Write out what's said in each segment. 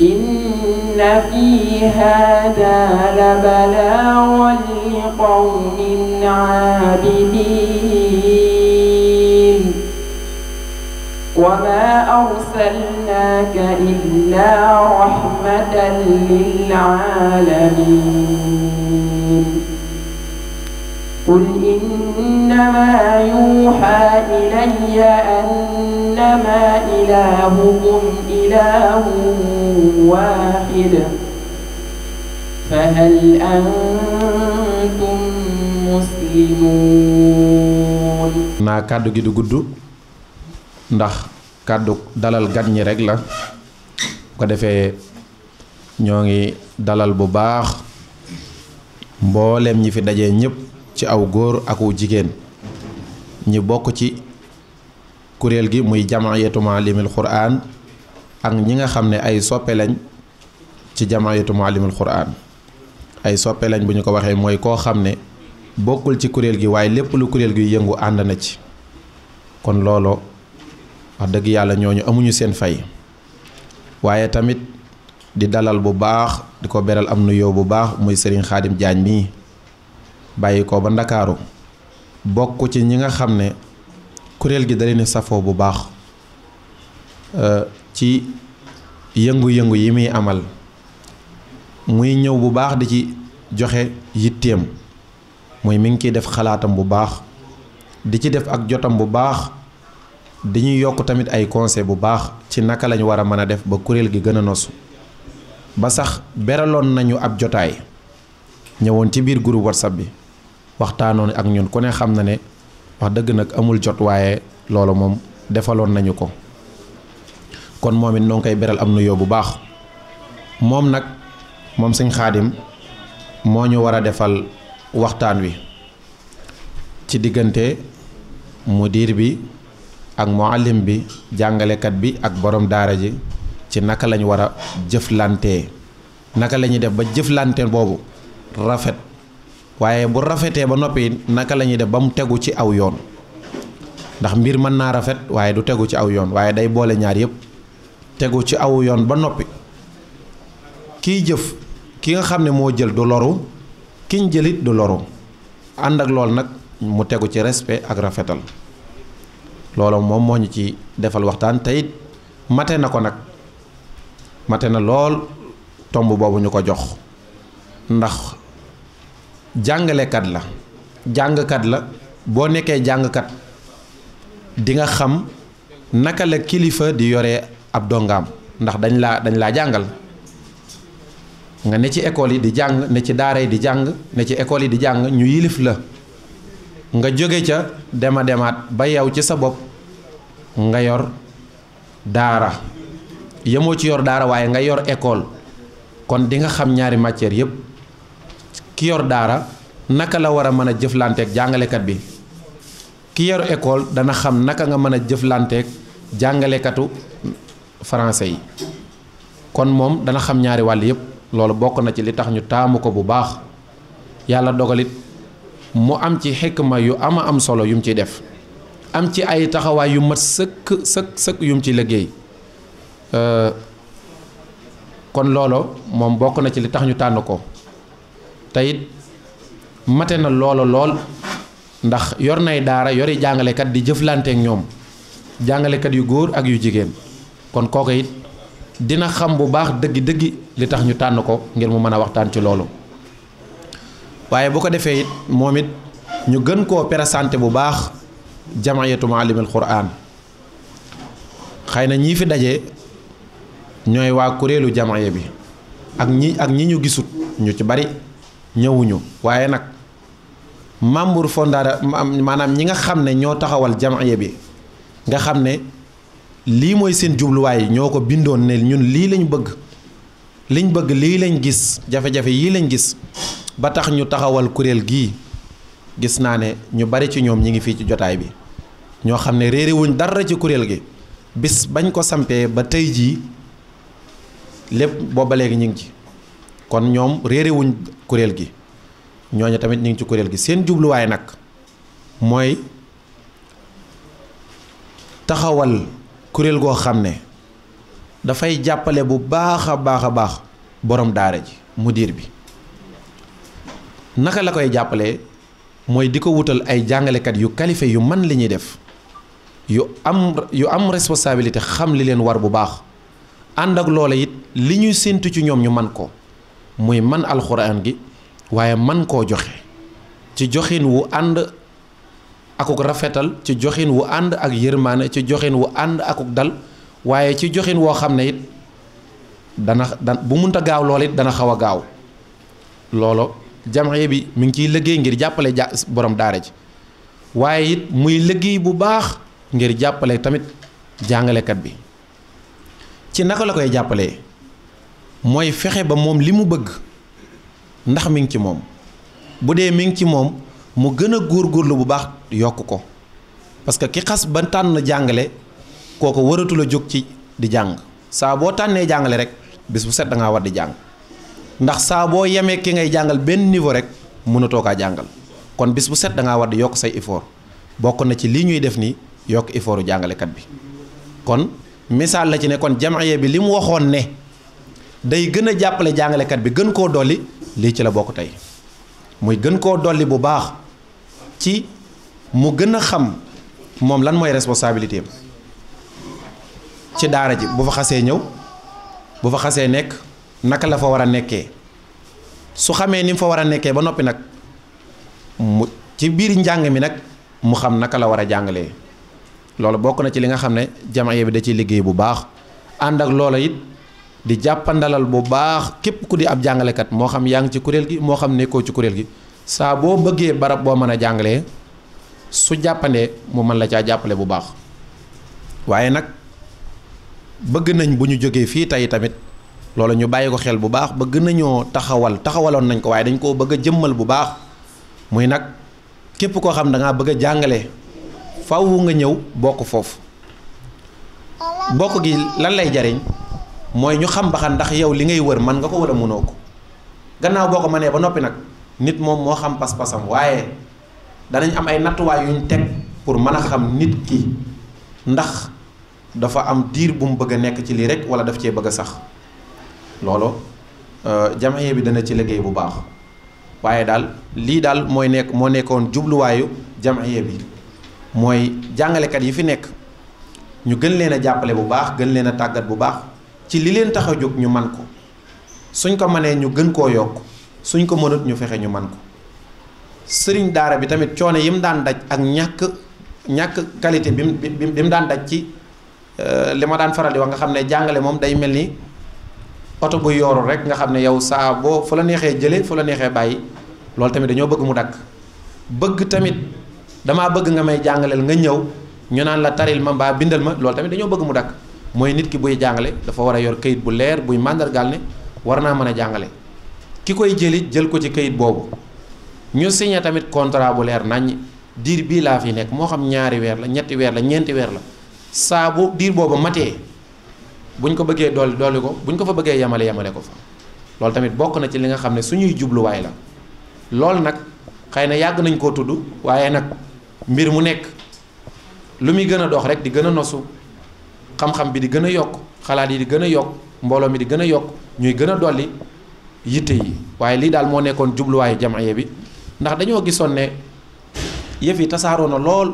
إن في هذا لبلاغا لقوم عابدين وما أرسلناك إلا رحمة للعالمين قل إنما يوحى إلي أنما إلهكم إله واحد فهل أنتم مسلمون naa kàddu gi du gudd ndax kàddu dalal gat ñi rekk la ko defee ñoo ngi dalal bu baax mboolem ñi fi daje ñépp ci aw góor aku jigéen ñi bokk ci kuréel gi muy jamaayatu maalimil quraan ak ñi nga xam ne ay soppe lañ ci jamaayatu maalimil quraan ay soppe lañ bu ñu ko waxee mooy koo xam ne bokkul ci kuréel gi waaye lépp lu kuréel gi yëngu ànd na ci kon looloo wax dëgg yàlla ñoo ñu amuñu seen fay waaye tamit di dalal bu baax di ko beral am nuyoo bu baax muy Serigne Khadim Diagne mii bàyyikoo ba ndakaaru bokk ci ñi nga xam ne kuréel gi da leen safoo bu baax euh, ci yëngu-yëngu yi muy amal muy ñëw bu baax di ci joxe yitteem mooy mi ngi ciy def xalaatam bu baax di ci def ak jotam bu baax di ñuy yokk tamit ay conseil bu baax ci naka lañu war a mën a def ba kuréel gi gën a nosu ba sax beraloon nañu ab jotaay ñëwoon ci biir groupe whatsapp bi waxtaanoon ak ñun ku ne xam na ne wax dëgg nag amul jot waaye loolu moom defaloon nañu ko kon moom it noo koy beral am nuyoo bu baax moom nag moom sëñ xaadim moo ñu war a defal waxtaan wi ci diggante diir bi ak muallim bi jàngalekat bi ak borom daara ji ci naka lañ war a jëflantee naka lañuy def ba jëflante boobu rafet waaye bu rafetee ba noppi naka la ñuy def ba mu tegu ci aw yoon ndax mbir mën naa rafet waaye du tegu ci aw yoon waaye day boole ñaar yëpp tegu ci aw yoon ba noppi kiy jëf ki nga xam ne moo jël du loru kiñ jëlit du loru ànd ak loolu nag mu tegu ci respe ak rafetal loolu moom moo ñu ci defal waxtaan teyit mate na ko nag mate na lool tomb boobu ñu ko jox ndax jàngalekat la jàngkat la boo nekkee jàngkat dinga xam naka la kilifa di yore ab dongaam ndax dañ la dañ laa jàngal nga ne ci école yi di jàng ne ci daara yi di jàng ne ci école yi di jàng ñu yilif la nga jóge ca dema demaat ba yow ci sa bopp nga yor daara yemoo ci yor daara waaye nga yor école kon dinga xam ñaari matière yépp ki yor daara naka la war a mën a jëflanteeg jàngalekat bi ki yor école dana xam naka nga mën a jëflanteeg jàngalekatu français yi kon moom dana xam ñaari wàll yépp loolu bokk na ci li tax ñu taamu ko bu baax yàlla dogalit mu am ci xikma yu ama am solo yum ciy def am ci ay taxawaay yu mat sëkk sëkk sëkk yum ci liggéey euh, kon loolo moom bokk na ci li tax ñu tànn ko teyit mate na loola lool ndax yor nay daara yori jàngalekat di jëflanteek ñoom jàngalekat yu góor ak yu jigéen kon kooku it dina xam bu baax dëggi-dëggi li tax ñu tànn ko ngir mu mën a waxtaan ci loolu waaye bu ko defee it moom it ñu gën koo présenté bu baax jamaayatu maalimil quraan xëy na ñii fi daje ñooy waa kuréelu jamaaya bi ak ñii ak ñi ñu gisut ñu ci bari ñëwuñu waaye nag membre fondateur maanaam ñi nga xam ne ñoo taxawal jamaaya bi nga xam ne lii mooy seen jubluwaay ñoo ko bindoon ne ñun lii lañu bëgg liñ bëgg lii lañ gis jafe-jafe yii lañ gis ba tax ñu taxawal kuréel gii gis naa ne ñu bari ci ñoom ñi ngi fii ci jotaay bi ñoo xam ne réere wuñ dara ci kuréel gi bis bañ ko sampee ba tey jii lépp booba léegi ñu ngi ci kon ñoom réere kuréel gi ñooñu tamit ñu ngi ci kuréel gi seen jubluwaay nag mooy taxawal kuréel goo xam ne dafay jàppale bu baax a baax a baax borom daara ji mu diir bi naka la koy jàppale mooy di ko wutal ay jàngalekat yu qualifié yu man li ñuy def yu am yu am responsabilité xam li leen war bu baax ànd ak loola it li ñuy séntu ci ñoom ñu man ko muy man alxuraan gi waaye man koo joxe ci joxin wu ànd akuk rafetal ci joxin wu ànd ak yërmaane ci joxin wu ànd akuk dal waaye ci joxin woo xam ne it dana da bu munta gaaw lool it dana xaw a gaaw loolo jamaye bi mu ngi ciy liggéey ngir jàppale ja borom daara ji waaye it muy liggéey bu baax ngir jàppale tamit jàngalekat bi ci naka la koy jàppale mooy fexe ba moom li mu bëgg ndax mi ngi ci moom bu dee mi ngi ci moom mu gën a góorlu bu baax yokk ko parce que ki xas ba tànn jàngale kooku waratul a jóg ci di jàng saa boo tànnee jàngale rek bis bu set da ngaa war di jàng ndax saa boo yemee ki ngay jàngal benn niveau rek mënatoo kaa jàngal kon bis bu set da ngaa war di yokk say effort bokk na ci lii ñuy def ni yokk effortu jàngalekat bi kon misaal la ci ne kon jamaye bi li mu waxoon ne. day gën a jàppale jàngalekat bi gën koo dolli lii ci la bokk tey muy gën koo dolli bu baax ci mu gën a xam moom lan mooy responsabilité am ci daara ji bu fa xasee ñëw bu fa xasee nekk naka la fa war a nekkee su xamee ni mu fa war a nekkee ba noppi nag mu ci biir njàng mi nag mu xam naka la war a jàngalee loolu bokk na ci li nga xam ne jamaye bi da ciy liggéey bu baax ànd ak loola it. di jàppandalal bu baax képp ku di ab jàngalekat moo xam yaa ngi ci kuréel gi moo xam nekkoo ci kuréel gi saa boo bëggee barab boo mën a jàngalee su jàppandee mu mën la caa jàppale bu baax waaye nag bëgg nañ bu ñu jógee fii tey tamit loolu ñu bàyyi ko xel bu baax bëgg nañoo taxawal taxawaloon nañ ko waaye dañu koo bëgg a jëmmal bu baax muy nag képp koo xam da ngaa bëgg a jàngale faaw nga ñëw bokk foofu bokk gi lan lay jariñ mooy ñu xam ba ndax yow li ngay wër man nga ko war a mënoo ko gannaaw boo ko mënee ba noppi nag nit moom moo xam pas-pasam waaye danañ am ay nattuwaay yuñ teg pour mën a xam nit ki ndax dafa am diir bu mu bëgg a nekk ci lii rek wala daf cee bëgg sax loolu euh, jamaye bi dana ci liggéey bu baax waaye daal lii daal mooy nekk moo nekkoon jubluwaayu jamaye bi mooy jàngalekat yi fi nekk ñu gën leen a jàppale bu baax gën leen a tàggat bu baax ci li leen tax a jóg ñu man ko suñ ko mënee ñu gën koo yokk suñ ko mënut ñu fexe ñu man ko sëriñ daara bi tamit coono yi mu daan daj ak ñàkk ñàkk qualité bi mu bi daan daj ci euh, li ma daan faral di wax nga xam ne jàngale moom day mel ni oto bu yooru rek nga xam ne yow saa boo fu la neexee jële fu la neexee bàyyi loolu tamit dañoo bëgg mu dakk bëgg tamit damaa bëgg nga may jàngaleel nga ñëw ñu naan la taril ma mbaa bindal ma loolu tamit dañoo bëgg mu dakk mooy nit ki buy jàngale dafa war a yor kayit bu leer buy màndargaal ne war naa mën a jàngale ki koy jëli jël ko ci kayit boobu ñu signé tamit contrat bu leer naññ diir bii laa fi nekk moo xam ñaari weer la ñetti weer la ñeenti weer la saabu bu diir boobu matee buñ ko bëggee dolli dolli ko buñ ko fa bëggee yemale yemale ko fa loolu tamit bokk na ci li nga xam ne suñuy jubluwaay la loolu nag xëy na yàgg nañ koo tudd waaye nag mbir mu nekk lu muy gën a dox rek di gën a nosu xam-xam bi di gën a yokk xalaat yi di gën a yokk mbooloo mi di gën a yokk ñuy gën a dolli yitte yi waaye lii daal moo nekkoon jubluwaayu jamaye bi ndax dañoo gisoon ne yëf yi tasaaroo na lool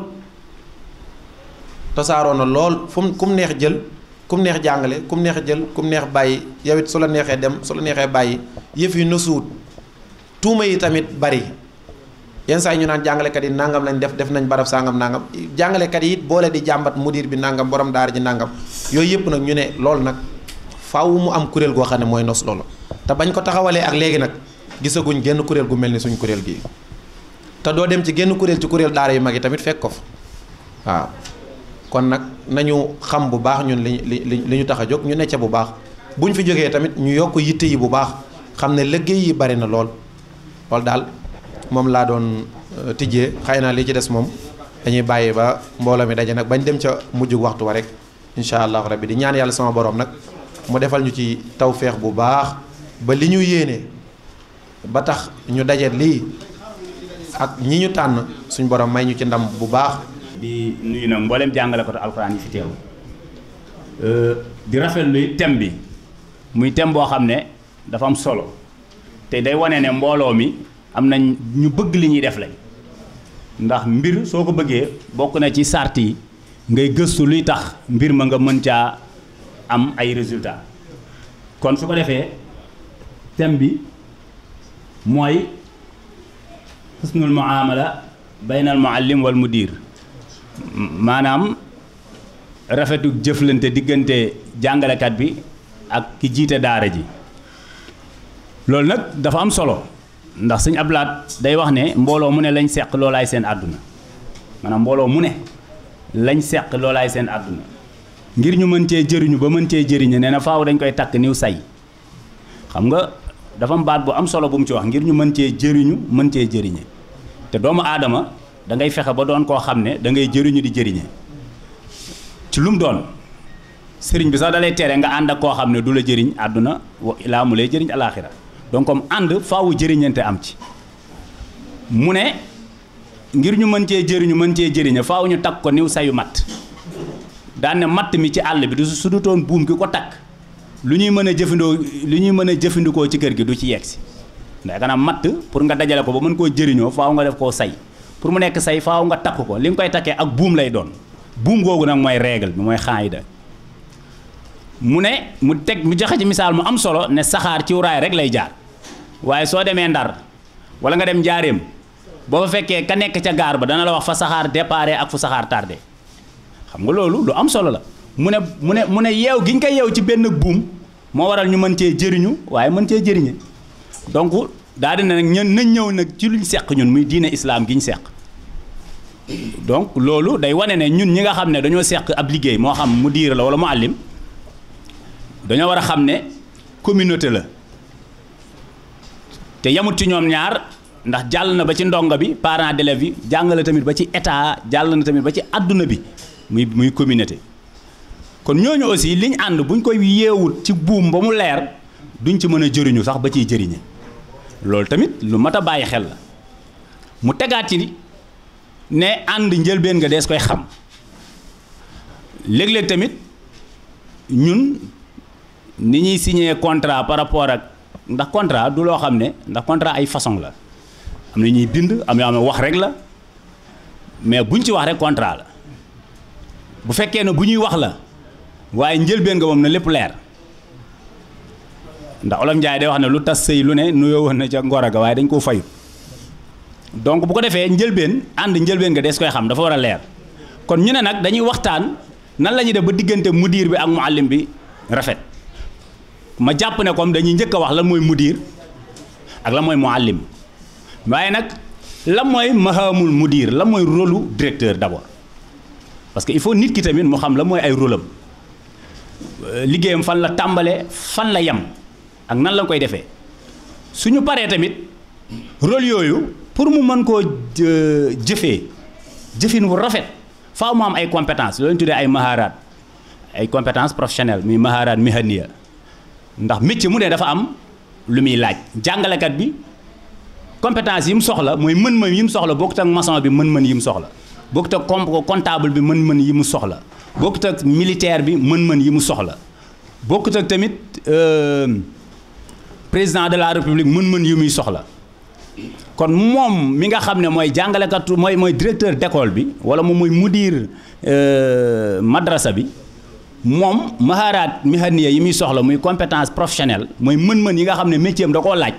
tasaaroo na lool fu mu neex jël kum neex jàngale ku neex jël ku neex bàyyi yow it su la neexee dem su la neexee bàyyi yëf yi nësuut tuuma yi tamit bari yenn saa yi ñu naan jàngalekat yi nangam lañu def def nañ barab sàngam nangam jàngalekat yi it boole di jàmbat mudir bi nangam borom daara ji nangam yooyu yëpp nag ñu ne loolu nag faaw mu am kuréel goo xam ne mooy nos loolu te bañ ko taxawalee ak léegi nag gisaguñ genn kuréel gu mel ni suñ kuréel gii te doo dem ci genn kuréel ci kuréel daara yu mag yi tamit fekk ko fa waaw kon nag nañu xam bu baax ñu li li li ñu tax a jóg ñu necce bu baax buñ fi jógee tamit ñu yokk yitte yi bu baax xam ne liggéey yi bari na lool loolu daal moom laa doon euh, tijjee xëy na li ci des moom dañuy bàyyi ba mbooloo mi daje nag bañ dem ca mujjug waxtu wa rek incha allahu rabbi di ñaan yàlla sama borom nag mu defal ñu ci tawféex bu baax ba li ñu yéene ba tax ñu daje lii ak ñi ñu tànn suñu borom may ñu ci ndam bu baax. di nuyu nag mboolem jàngalekatu alxuraan yi fi teew euh, di rafetlu thème bi muy thème boo xam ne dafa am solo te day wane ne mbooloo mi. am nañ ñu bëgg li ñuy def lañ ndax mbir soo ko bëggee bokk na ci sart ngay gëstu luy tax mbir ma nga mën caa am ay résultat kon su ko defee thème bi mooy xusnul muamala baynal muallim wal diir maanaam rafetu jëflante diggante jàngalekat bi ak ki jiite daara ji loolu nag dafa am solo ndax sëñ ablaat day wax ne mbooloo mu ne lañ seq loolaay seen àdduna maanaam mbooloo mu ne lañ seq loolaay seen àdduna ngir ñu mën cee jëriñu ba mën cee jëriñu nee na faaw dañ koy takk niw say xam nga dafa am baat bu am solo bu mu ci wax ngir ñu mën cee jëriñu mën cee jëriñe te doomu aadama da ngay fexe ba doon koo xam ne da ngay jëriñu di jëriñe ci lu doon sëriñ bi sax da lay tere nga ànd ak koo xam ne du la jëriñ àdduna laa mu lay jëriñ alaaxira donc comme ànd faawu jëriñante am ci mu ne ngir ñu mën cee jëriñu mën cee jëriña faaw ñu takk ko niw sayu matt daane matt mi ci àll bi du su dutoon buum gi ko takk lu ñuy mën a jëfandoo lu ñuy mën a jëfandikoo ci kër gi du ci yegg si ndax ganaam matt pour nga dajale ko ba mën koo jëriñoo faaw nga def koo say pour mu nekk say faaw nga takk ko li nga koy takkee ak buum lay doon buum googu nag mooy règle bi mooy xaayida mu ne mu teg mu joxe ci misaal mu am solo ne saxaar ci raay rek lay jaar waaye soo demee ndar wala nga dem njaareem boo fa fekkee ka nekk ca gaar ba dana la wax fa saxaar déparé ak fu saxaar tardé xam nga loolu lu am solo la mu ne mu ne mu ne yeew gi ñu koy yeew ci benn buum moo waral ñu mën cee jëriñu waaye mën cee jëriñe donc daal dina nag ñun nañ ñëw nag ci luñ seq ñun muy diina islaam gi ñu seq donc loolu day wane ne ñun ñi nga xam ne dañoo seq ab liggéey moo xam mu diir la wala mu dañoo war a xam ne communauté la te yamut ci ñoom ñaar ndax jàll na ba ci ndongo bi parent d'élèves bi jàngale tamit ba ci état jàll na tamit ba ci àdduna bi muy muy communauté kon ñooñu aussi liñ ànd buñ koy yeewut ci buum ba mu leer duñ ci mën a jëriñu sax ba ciy jëriñe loolu tamit lu mat a bàyyi xel la mu tegaat ci ne ànd njëlbeen nga dees koy xam léeg-léeg tamit ñun ni ñuy signé contrat par rapport ak ndax contrat du loo xam ne ndax contrat ay façon la am na ñuy bind am na wax rek la mais buñ ci wax rek contrat la bu fekkee ne bu ñuy wax la waaye njëlbeen nga moom na lépp leer ndax Olof Njaay day wax ne lu tas sëy lu ne nuyoo woon na ca ngoro ga waaye dañ koo fayut donc bu ko defee njëlbeen ànd njëlbeen nga des koy xam dafa war a leer kon ñu ne nag dañuy waxtaan nan la def ba diggante mudiir bi ak muallim bi rafet ma jàpp ne comme dañuy njëkk a wax lan mooy mudir ak la mooy muallim waaye nag lan mooy mahamul mudir lan mooy rôlu directeur d'abord parce que il faut nit ki tamit mu xam la mooy ay rôlam euh, liggéeyam fan la tàmbale fan la yem ak nan la koy defee suñu paree tamit rôle yooyu pour mu mën koo euh, jëfee jëfin wu rafet faaw mu am ay compétence loolu ñu tuddee ay maharaat ay compétence professionnelle muy maharaat mihaniya ndax métier mu ne dafa am lu muy laaj jàngalekat bi compétence yi mu soxla mooy mën-mën yi mu soxla bokkut ak maçon bi mën-mën yi mu soxla bokkut ak comptable bi mën-mën yi mu soxla bokkut ak militaire bi mën-mën yi mu soxla bokkut ak tamit euh, président de la république mën-mën yi muy soxla kon moom mi nga xam ne mooy jàngalekat mooy mooy directeur d'école bi wala moom mooy mudir euh, madrasa bi moom maharaat mihaniya yi muy soxla muy compétence professionnelle mooy mën-mën yi nga xam ne métier da koo laaj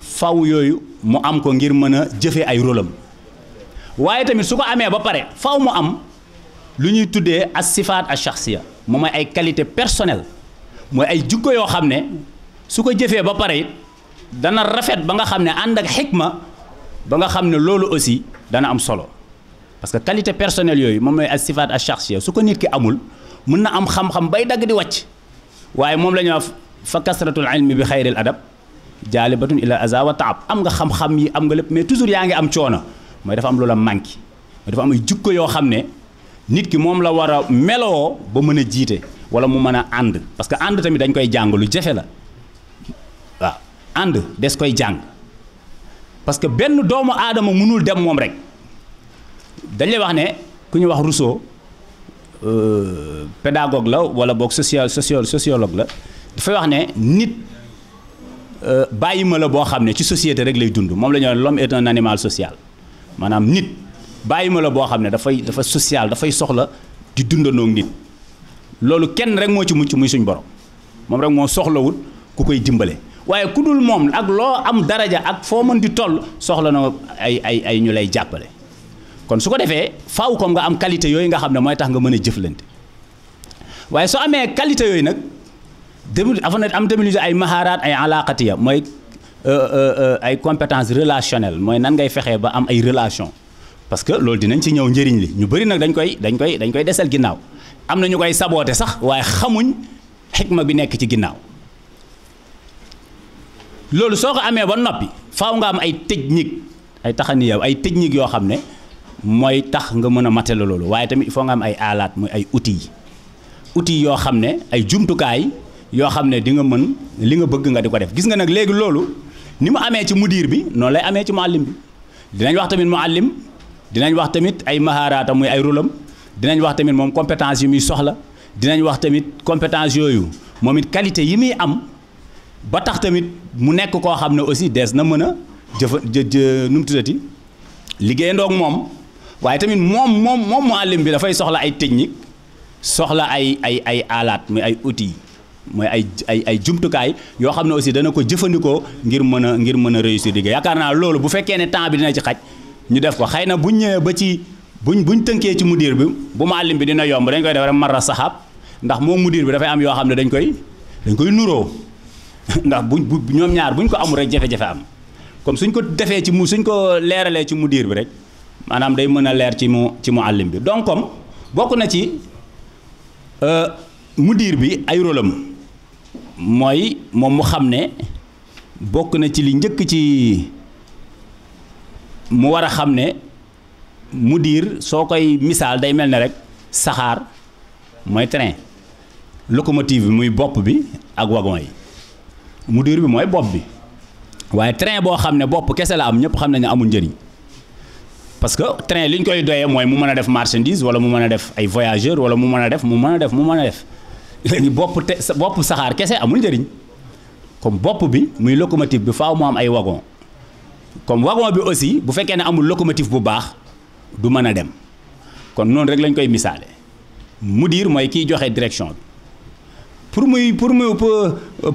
faw yooyu mu am ko ngir mën a jëfee ay rôle waaye tamit su ko amee ba pare faw mu am lu ñuy tuddee as sifaat as shaxsiya moom mooy ay qualité personnelle mooy ay jikko yoo xam ne su ko jëfee ba pare it dana rafet ba nga xam ne ànd ak xikma ba nga xam ne loolu aussi dana am solo parce que qualité personnelle yooyu moom mooy as sifaat as shaxsiya su ko nit ki amul. mën na am xam-xam bay dagg di wàcc waaye moom lañu ñuy wax fa kasratul ilmi bi xayril adab jaalibatun ila aza wa taab am nga xam-xam yi am nga lépp mais toujours yaa ngi am coono mooy dafa am loola manqué mooy dafa am ay jukko yoo xam ne nit ki moom la war a meloo ba mën a jiite wala mu mën a ànd parce que ànd tamit dañ koy jàng lu jafe la waaw ànd des koy jàng parce que benn doomu aadama mënul dem moom rek dañ lay wax ne ku ñu wax Rousseau Euh, pédagogue la wala boog socio socio sociologue la dafay wax ne nit euh, bàyyi ma la boo xam ne ci société rek lay dund moom la ñoo l'homme est un maanaam nit bàyyi ma la boo xam ne dafay dafa social dafay soxla di dundandoo nit loolu kenn rek moo ci mucc muy suñ borom moom rek moo soxlawul ku koy dimbale waaye ku dul moom ak loo am daraja ak foo mën di toll soxla na ay ay ay ñu lay jàppale kon su ko defee faaw comme nga am qualité yooyu nga xam ne mooy tax nga mën a jëflante waaye soo amee qualité yooyu nag demul avant am démultiplier ay mahaaraat ay alaqatiya mooy euh, euh, euh, ay compétence relationnelle mooy nan ngay fexee ba am ay relation parce que loolu dinañ ci ñëw njëriñ li ñu bëri nag dañ koy dañ koy dañ koy desal ginnaaw am na ñu koy saboote sax waaye xamuñ xikma bi nekk ci ginnaaw loolu soo ko amee ba noppi faw nga am ay technique ay taxani ay technique yoo xam ne mooy tax nga mën a matale loolu waaye tamit il faut nga am ay aalaat muy ay outils outils yoo xam ne ay jumtukaay yoo xam ne di nga mën li nga bëgg nga di ko def gis nga nag léegi loolu ni mu amee ci mudiir bi noonu lay amee ci muallim bi dinañ wax tamit muallim dinañ wax tamit ay mahaaraata muy ay rôlam dinañ wax tamit moom compétence yi muy soxla dinañ wax tamit compétence yooyu moom it qualité yi muy am ba tax tamit mu nekk koo xam ne aussi des na mën a jëfa jë nu mu tuddati liggéeyandoog moom waaye tamit moom moom moom àllim bi dafay soxla ay technique soxla ay ay ay alaat muy ay outils mooy ay ay ay jumtukaay yoo xam ne aussi dana ko jëfandikoo ngir mën a ngir mën a réussir liggéey yaakaar naa loolu bu fekkee ne temps bi dina ci xaj ñu def ko xëy na buñ ñëwee ba ci buñ buñ tënkee ci mudir bi bu muallim bi dina yomb dañ koy def rek mara saxaab ndax moo mudir bi dafay am yoo xam ne dañ koy dañ koy nuroo ndax buñ bu ñoom ñaar buñ ko amul rek jafe-jafe am comme suñ ko defee ci mu suñ ko leeralee ci mudir bi rek. maanaam day mën a leer ci mu ci mu àllim bi donc bokk na ci euh, mudir bi ay rôlam mooy moom mu xam ne bokk na ci li njëkk ci mu war a xam ne mudir soo koy misaal day mel ne rek saxaar mooy train locomotive bi muy bopp bi ak wagon yi mudir bi mooy bopp bi waaye train boo xam ne bopp kese la am ñëpp xam nañ ne amul njëriñ. parce que train li ñu koy doyee mooy mu mën a def marchandise wala mu mën a def ay wala mu mën a def mu mën a def mu mën a def léegi bopp te bopp saxaar kese amul njariñ comme bopp bi muy locomotive bi faaw mu am ay wagon comme wagon bi aussi bu fekkee ne amul locomotive bu baax du mën a dem kon noonu rek lañ koy misaale mudir mooy kiy joxe direction bi pour muy pour mu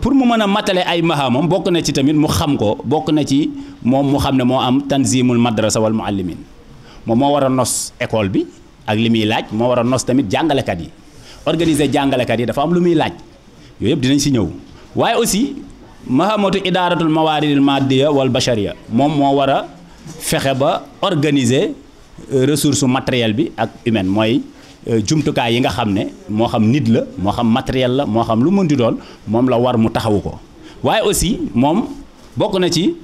pour mu mën a matale ay mahamam bokk na ci tamit mu xam ko bokk na ci moom mu xam ne moo am tanzimul madrasa wal muallimin moom moo war a nos école bi ak li muy laaj moo war a nos tamit jàngalekat yi organiser jàngalekat yi dafa am lu muy laaj yooyu yëpp dinañ si ñëw waaye aussi ma mahamatu idaaratul mawaaridil maddiya wal bashariya moom moo war a fexe ba organiser euh, ressource matériel bi ak humaine mooy euh, jumtukaay yi nga xam ne moo xam nit la moo xam matériel la moo xam lu di doon moom la war mu taxawu ko waaye aussi moom bokk na ci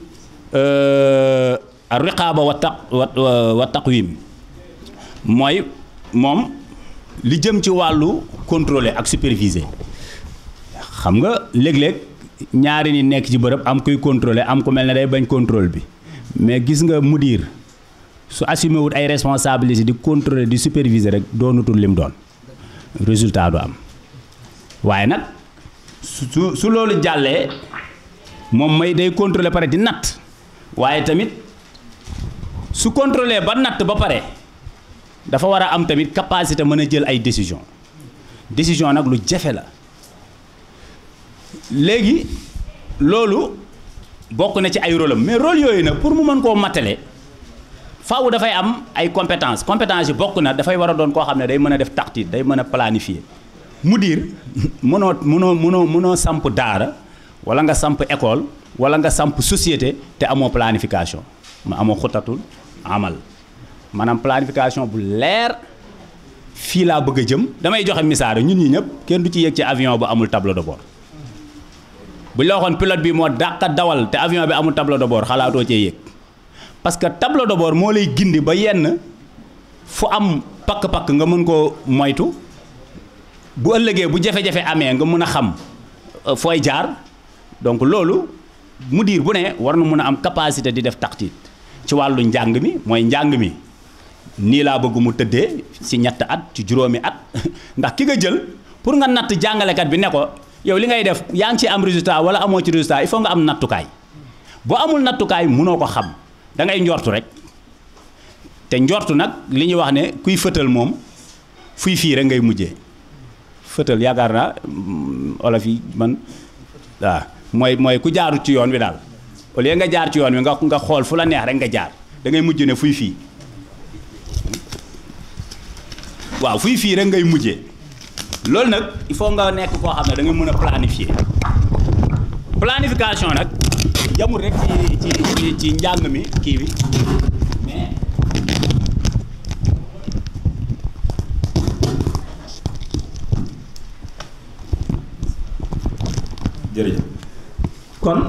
euh, ar riqaaba wa taq wa taqwim mooy moom li jëm ci wàllu contrôler ak superviser xam nga léeg-léeg ñaari ni nekk ci bërëb am kuy contrôler am ko mel ne day bañ contrôle bi mais gis nga mudir su assumé wut ay responsabilité di contrôler di superviser rek doonutul lim doon résultat du am waaye nag su su loolu jàllee moom may day contrôler pare di natt waaye tamit su contrôler ba natt ba pare dafa war a am tamit capacité mën a jël ay décision décision nag lu jafe la léegi loolu bokk na ci ay rôle mais rôle yooyu nag pour mu mën koo mattale faaw dafay am ay compétence compétence yi bokk na dafay war a doon koo xam ne day mën a def tactique day mën a planifier mu diir mënoo mënoo mënoo mënoo samp daara wala nga samp école wala nga samp société te amoo planification ma amoo xutatul amal maanaam planification bu leer fii laa bëgg a jëm damay joxe misaare ñun ñi ñëpp kenn du ci yéeg ci avion bu amul tableau de bord bu ñu la bi moo dàq dawal te avion bi amul tableau de bord xalaatoo cee yéeg parce que tableau de bord moo lay gindi ba yenn fu am pakk-pakk nga mën koo moytu bu ëllëgee bu jafe-jafe amee nga mën a xam euh, fooy jaar donc loolu mu diir bu ne war na mën a am capacité di def taxtit ci wàllu njàng mi mooy njàng mi nii laa bëgg mu tëddee si ñett at ci juróomi at ndax ki nga jël pour nga natt jàngalekat bi ne ko yow li ngay def yaa ngi ci am résultat wala amoo ci résultat i faut nga am nattukaay boo amul nattukaay mënoo ko xam dangay ngay njortu rek te njortu nag li ñuy wax ne kuy fëtal moom fuy fii rek ngay mujjee fëtal yaakaar naa mm, olof yi man waaw mooy mooy ku jaaru ci yoon wi daal. au lieu nga jaar ci yoon wi nga nga xool fu la neex rek nga jaar dangay mujj ne fuy fii waaw fuy fii rek ngay mujje loolu nag il faut nga nekk koo xam ne dangay nga mën a planifier planification nag yamul rek ci ci ci njàng mi kii bi kon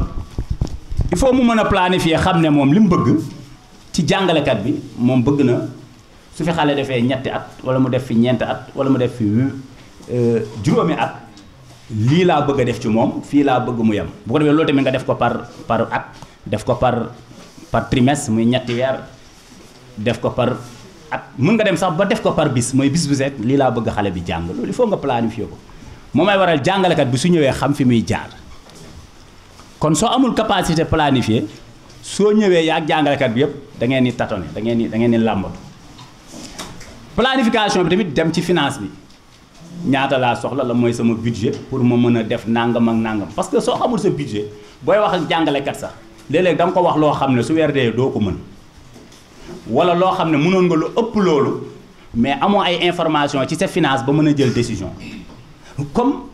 il faut mu mën a planifier xam ne moom li mu bëgg ci jàngalekat bi moom bëgg na su fi xale defee ñetti at wala mu def fi ñeenti at wala mu def fi euh, juróomi at lii laa bëgg a def ci moom fii laa bëgg mu yem bu ko defee loolu tamit nga def ko par par at def ko par par trimestre muy ñetti weer def ko par at mun nga dem sax ba def ko par bis mooy bis bu set lii laa bëgg xale bi jàng loolu il faut nga planifier ko moo may waral jàngalekat bi su ñëwee xam fi muy jaar. kon soo amul capacité planifier soo ñëwee ak jàngalekat bi yëpp da ngeen ni tato da ngeen ni da ngeen ni làmbatu planification bi tamit dem ci finance bi ñaata laa soxla la mooy sama budget pour ma mën a def nangam ak nangam parce que soo amul sa budget booy wax ak jàngalekat sax léeg danga ko wax loo xam ne su weer dee doo ko mën wala loo xam ne mënoon nga lu ëpp loolu mais amoo ay information ci sa finance ba mën a jël décision comme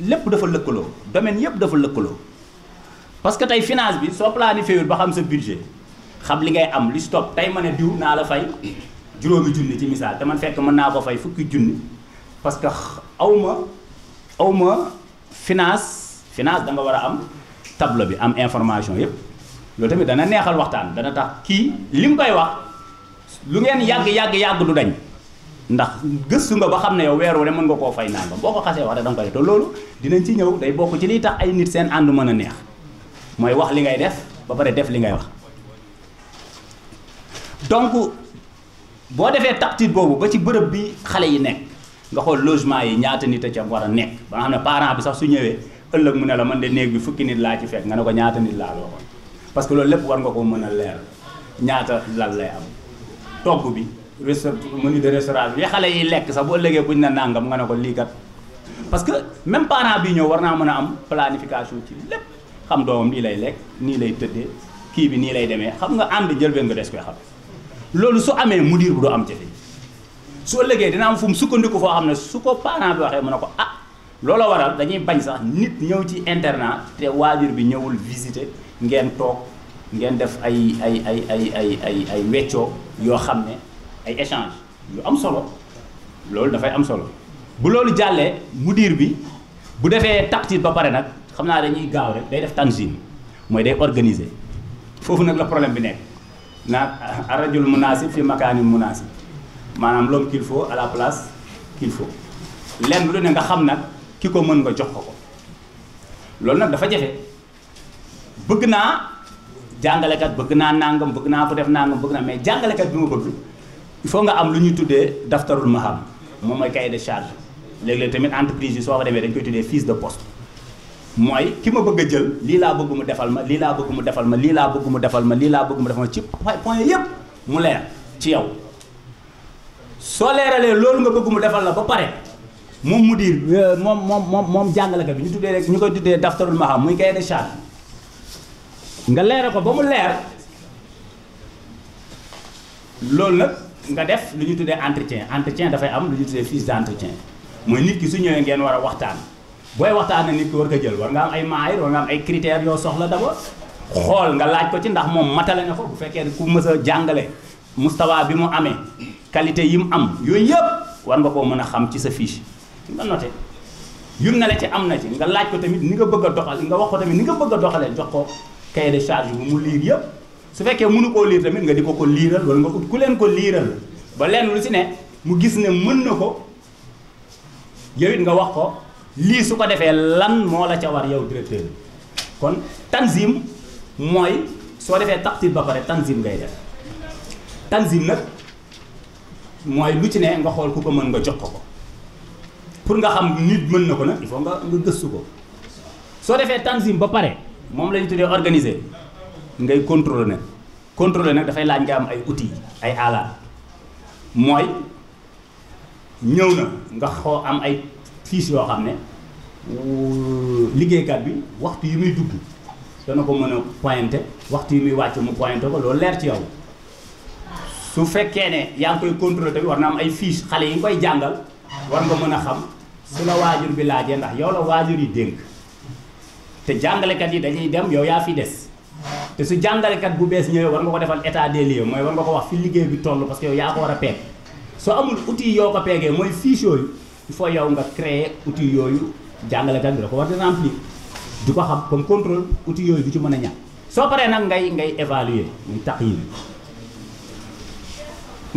lépp dafa lëkkaloo domaine yëpp dafa lëkkaloo. parce que tey finance bi soo planifiéwul ba xam sa budget xam li ngay am li stop tey ma ne diw naa la fay juróomi junni ci misaal te man fekk mën naa ko fay fukki junni parce que awma awma finance finance da nga war a am tableau bi am information yëpp loolu tamit dana neexal waxtaan dana tax kii li mu koy wax lu ngeen yàgg yàgg yàgg du dañ ndax gëstu nga ba xam ne yow weer wu ne mën nga koo fay naan ba boo ko xasee wax da nga koy te loolu dinañ ci ñëw day bokk ci liy tax ay nit seen ànd mën a neex. mooy wax li ngay def ba pare def li ngay wax donc boo defee taqtit boobu ba ci bërëb bi xale yi nekk nga xool logement yi ñaata nit a ca war a nekk ba nga xam ne parent bi sax su ñëwee ëllëg mu ne la man de néeg bi fukki nit laa ci fekk nga ne ko ñaata nit laa waxoon parce que loolu lépp war nga ko mën a leer ñaata lan lay am togg bi resta menu de restaurant bi xale yi lekk sax bu ëllëgee buñ na nangam nga ne ko lii kat parce que même parent bi ñëw war naa mën a am planification ci xam doomam lii lay lekk nii lay tëddee kii bi nii lay demee xam nga ànd njëlbeen nga des koy xam loolu su amee mudir bu du am jafe soo ëllëgee dina am fu sukkandiku foo xam ne su ko parent bi waxee mu ne ko ah loola waral dañuy bañ sax nit ñëw ci internat te waajur bi ñëwul visité ngeen toog ngeen def ay ay ay ay ay ay ay weccoo yoo xam ne ay échange yu am solo loolu dafay am solo bu loolu jàllee mudir bi bu defee taqtit ba pare nag xam naa dañuy gaaw rek day def tanzim mooy day organiser foofu nag la problème bi nekk naa arajul munasib fi makaani munasib maanaam l'homme qu'il faut à la place qu'il faut lenn lu ne nga xam nag ki ko mën nga jox ko ko loolu nag dafa jefe bëgg naa jàngalekat bëgg naa nangam bëgg naa ko def nangam bëgg naa mais jàngalekat bi ma ko il faut nga am lu ñuy tuddee daftarul maham moom mooy cahier de charge léegi léeg tamit entreprise yi soo ko demee dañ koy tuddee fiche de poste mooy ki ma bëgg a jël lii laa bëgg mu defal ma lii laa bëgg mu defal ma lii laa bëgg mu defal ma lii laa bëgg mu defal ma ci point yépp mu leer ci yow soo leeralee loolu nga bëgg mu defal la ba pare moom mu diir euh, moom moom moom moom jàngalekat bi ñu tuddee rek ñu koy tuddee daftarul maham muy kay de charge nga leeral ko ba mu leer loolu nag nga def lu ñu tuddee entretien entretien dafay am lu ñu tuddee fiche d'entretien mooy nit ki su ñëwee ngeen war a waxtaan booy waxtaanee nit ko war ko jël war nga am ay maayir war nga am ay critères yoo soxla d'abord xool nga laaj ko ci ndax moom matale na ko bu fekkee ku mës a jàngale mustawaa bi mu amee qualité yi mu am yooyu yëpp war nga koo mën a xam ci sa fiche nga noté yum na la ci am na ci nga laaj ko tamit ni nga bëgg a doxal nga wax ko tamit ni nga bëgg a doxalee jox ko cahier de charge bu mu liir yëpp su fekkee mënu koo liir tamit nga di ko ko liiral wala nga ku leen ko liiral ba leen si ne mu gis ne mën na ko yow nga wax ko lii su ko defee lan moo la ca war yow directeur bi kon tanzim mooy soo defee taxtiit ba pare tanzim ngay def tanzim nag mooy lu ci ne nga xool ku ko mën nga jox ko ko pour nga xam nit mën na ko nag il faut nga nga gëstu ko soo defee tanzim ba pare moom la tuddee organiser ngay contrôler nag contrôler nag dafay laaj nga am ay outils ay aalaat mooy ñëw na nga xoo am ay siis yoo xam ne euh, liggéeykat bi waxtu yi muy dugg dana ko mën a pointé waxtu yi muy wàcc mu pointé ko loolu leer ci yow su fekkee ne yaa ngi koy contrôlé tamit war na am ay fiche xale yi nga koy jàngal war nga mën a xam su la waajur bi laajee ndax yow la waajur yi dénk te jàngalekat yi dañuy dem yow yaa fi des te su jàngalekat bu bees ñëwee war nga ko defal état des lieux mooy war nga ko wax fi liggéey bi toll parce que yaa ko war a peeg soo amul outil yoo ko peegee il faut yow nga créer outil yooyu jàngalekat bi da ko war di remplir du ko xam comme contrôle outil yooyu du ci mën a ñàkk soo paree nag ngay ngay évaluer muy tax yi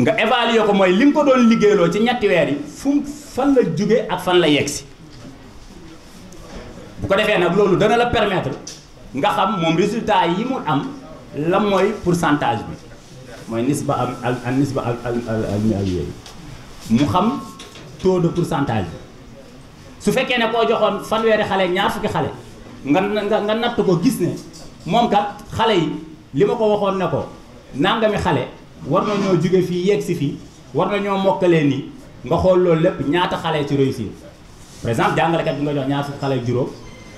nga évalue ko mooy li nga ko doon liggéeyloo ci ñetti weer yi fu fan la jóge ak fan la yegsi bu ko defee nag loolu dana la permettre nga xam moom résultat yi mu am la mooy pourcentage bi mooy nisba am al nisba al al al yooyu mu xam. taux de pourcentage su fekkee ne koo joxoon fanweeri xale ñaar fukki xale nga nga nga natt ko gis ne moom kat xale yi li ma ko waxoon ne ko nangami xale war na ñoo jóge fii yegg si fii war na ñoo mokkalee nii nga xool loolu lépp ñaata xale ci réussir par exemple jàngalekat bi nga jox ñaar fukki xale juróom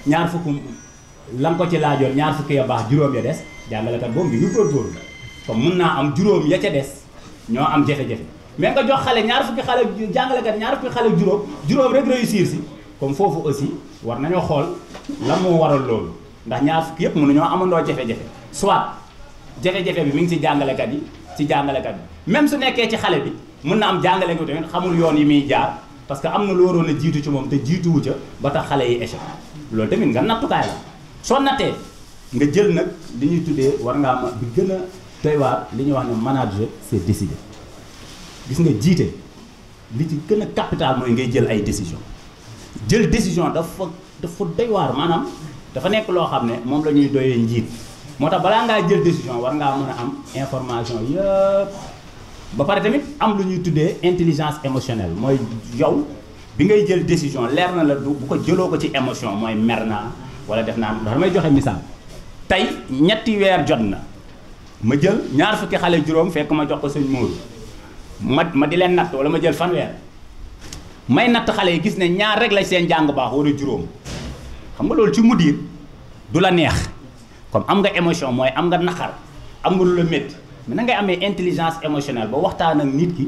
ñaar fukk lan ko ci laajoon ñaar fukki ya baax juróom ya des jàngalekat boobu bi ñu góorgóorlu comme mun naa am juróom ya ca des ñoo am jafe-jafe mais nga jox xale ñaar fukki xale jàngalekat ñaar fukki xale juróom juróom rek réussir si comme foofu aussi war nañoo xool lan moo waral loolu ndax ñaar fukki yëpp mënuñoo amandoo jafe-jafe soit jafe-jafe bi mi ngi si jàngalekat yi ci jàngalekat bi même su nekkee ci xale bi mun na am jàngale ko tamit xamul yoon yi muy jaar parce que am na lu waroon a jiitu ci moom te jiituwu ca ba tax xale yi échec loolu tamit nga nattukaay la soo nattee nga jël nag li tuddee war ngaa ma bi gën a doy li ñuy wax ne manager c'est décidé gis nga jiite li ci gën a capital mooy ngay jël ay décision jël décision dafa dafa doy waar maanaam dafa nekk loo xam ne moom la ñuy doyee njiit moo tax balaa ngaa jël décision war ngaa mën a am information yëpp ba pare tamit am lu ñuy tuddee intelligence émotionnelle mooy yow bi ngay jël décision leer na la du bu ko jëloo ko ci émotion mooy mer naa wala def naa ndax damay joxe misaal tey ñetti weer jot na ma jël ñaar fukki xale juróom fekk ma jox ko sëñ Mourou ma ma di leen natt wala ma jël fanweer may natt xale yi gis ne ñaar rek lañ seen jàng baax wala juróom xam nga loolu ci mudir du la neex comme am nga émotion mooy am nga naqar am nga lu la métti mais na ngay amee intelligence émotionnelle ba waxtaan ak nit ki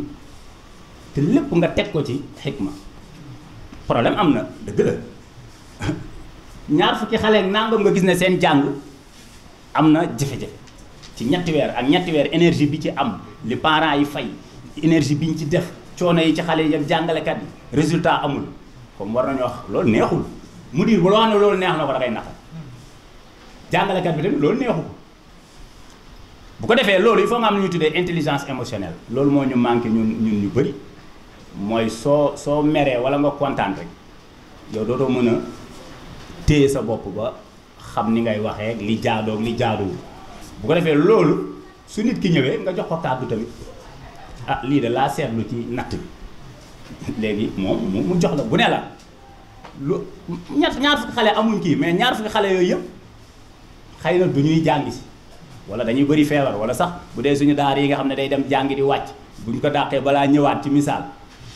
te lépp nga teg ko ci ma problème am na dëgg la ñaar fukki xale ak nangam nga gis ne seen jàng am na jafe-jafe ci ñetti ak ñetti weer énergie bi ci am li parents yi fay. énergie bi ñu ci def coono yi ci xale yi ak jàngalekat bi résultat amul comme war nañu wax loolu neexul mu diir bu la wax ne loolu neex na ko da ngay naqar jàngalekat bi tamit loolu neexul bu ko defee loolu il faut nga am lu loolu moo ñu manqué ñun ñun ñu bëri mooy soo soo meree wala nga kontaan rek yow mën a téye sa bopp ba xam ni ngay waxee li jaadoog li jaaduwul ko defee loolu su nit ki ñëwee nga jox ko kàddu tamit ah lii de laa seetlu ci natt bi léegi moom mu jox la bu ne la lu ñett ñaar fukki xale amuñ kii mais ñaar xale yooyu yëpp xëy na du ñuy jàngi si wala dañuy bari feebar wala sax bu dee suñu daar yi nga xam ne day dem jàngi di wàcc buñ ko dàqee balaa ñëwaat ci misaal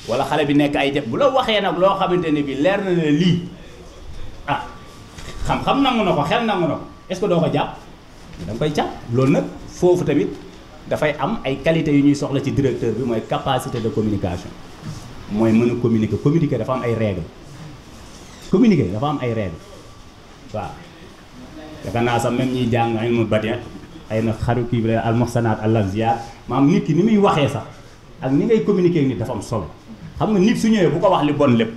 wala xale bi nekk ay jëf bu la waxee nag loo xamante ne bi leer na ne lii ah xam-xam nangu na ko xel nangu na ko est-ce doo ko jàpp da nga koy jàpp loolu nag foofu tamit dafay am ay qualités yu ñuy soxla ci directeur bi mooy capacité de communication mooy mën a communiquer communiquer dafa am ay règles communiquer dafa am ay règles waaw yaakaar naa sax même ñuy jàng ay mu batin ay na xaru kii bi la almoxsanaat allafziyaat maam nit ki ni muy waxee sax ak ni ngay communiquer nit dafa am solo xam nga nit su ñëwee bu ko wax li bon lépp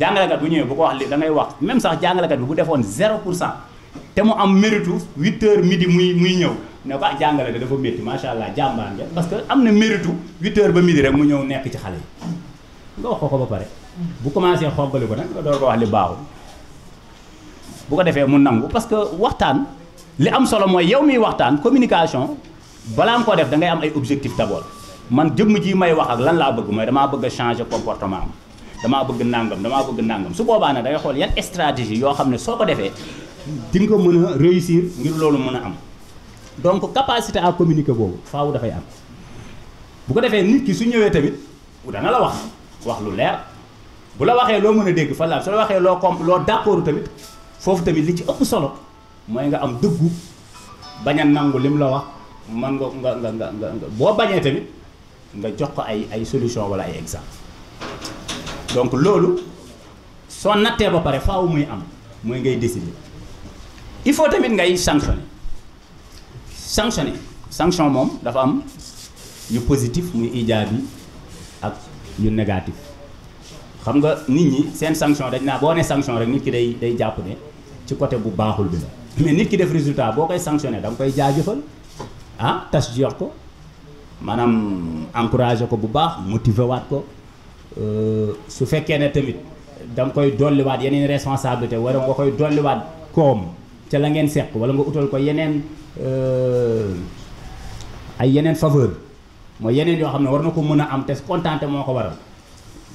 jàngalekat bu ñëwee bu ko wax li da ngay wax même sax jàngalekat bi bu defoon zéro pour te mu am méritu huit heures midi muy muy ñëw ne ko ah jàngale bi dafa métti macha allah jàmbaar nga parce que am na méritu huit ba midi rek mu ñëw nekk ci xale yi nga wax ko ko ba pare bu commencé xobali ko nag nga door ko wax li baaxul bu ko defee mu nangu parce que waxtaan li am solo mooy yow miy waxtaan communication balaa nga koo def ngay am ay objectif d'abord man jëmm ji may wax ak lan laa bëgg mooy damaa bëgg a changer comportement am damaa bëgg nangam damaa bëgg nangam su boobaa nag da xool yan stratégie yoo xam ne soo ko defee di nga ko mën a réussir ngir loolu mën a am donc capacité à communiquer boobu faaw dafay am bu ko defee nit ki su ñëwee tamit dana la wax wax lu leer bu la waxee loo mën a dégg fa la su la waxee loo comp loo d'accord tamit foofu tamit li ci ëpp solo mooy nga am dëggu bañ a nangu lim la wax man nga nga nga nga boo bañee tamit nga jox ko ay ay solution wala ay exemple donc loolu soo nattee ba pare faaw muy am mooy ngay décider. il faut tamit ngay sanctionner sanctionner sanction moom dafa am yu positif muy ijaabi ak yu négatif xam nga nit ñi seen sanction dañ naa boo ne sanction rek nit ki day day jàpp ne ci côté bu baaxul bi la mais nit ki def résultat boo koy sanctionné danga nga koy jaajëfal ah tas jox ko maanaam encouragé ko bu baax motivé waat ko euh, su fekkee ne tamit da koy dolliwaat yeneen responsabilité wara nga koy dolliwaat koom ca la ngeen seq wala nga utal ko yeneen euh, ay yeneen faveur mooy yeneen yoo xam ne war na ko mën a am te kontaante moo ko waral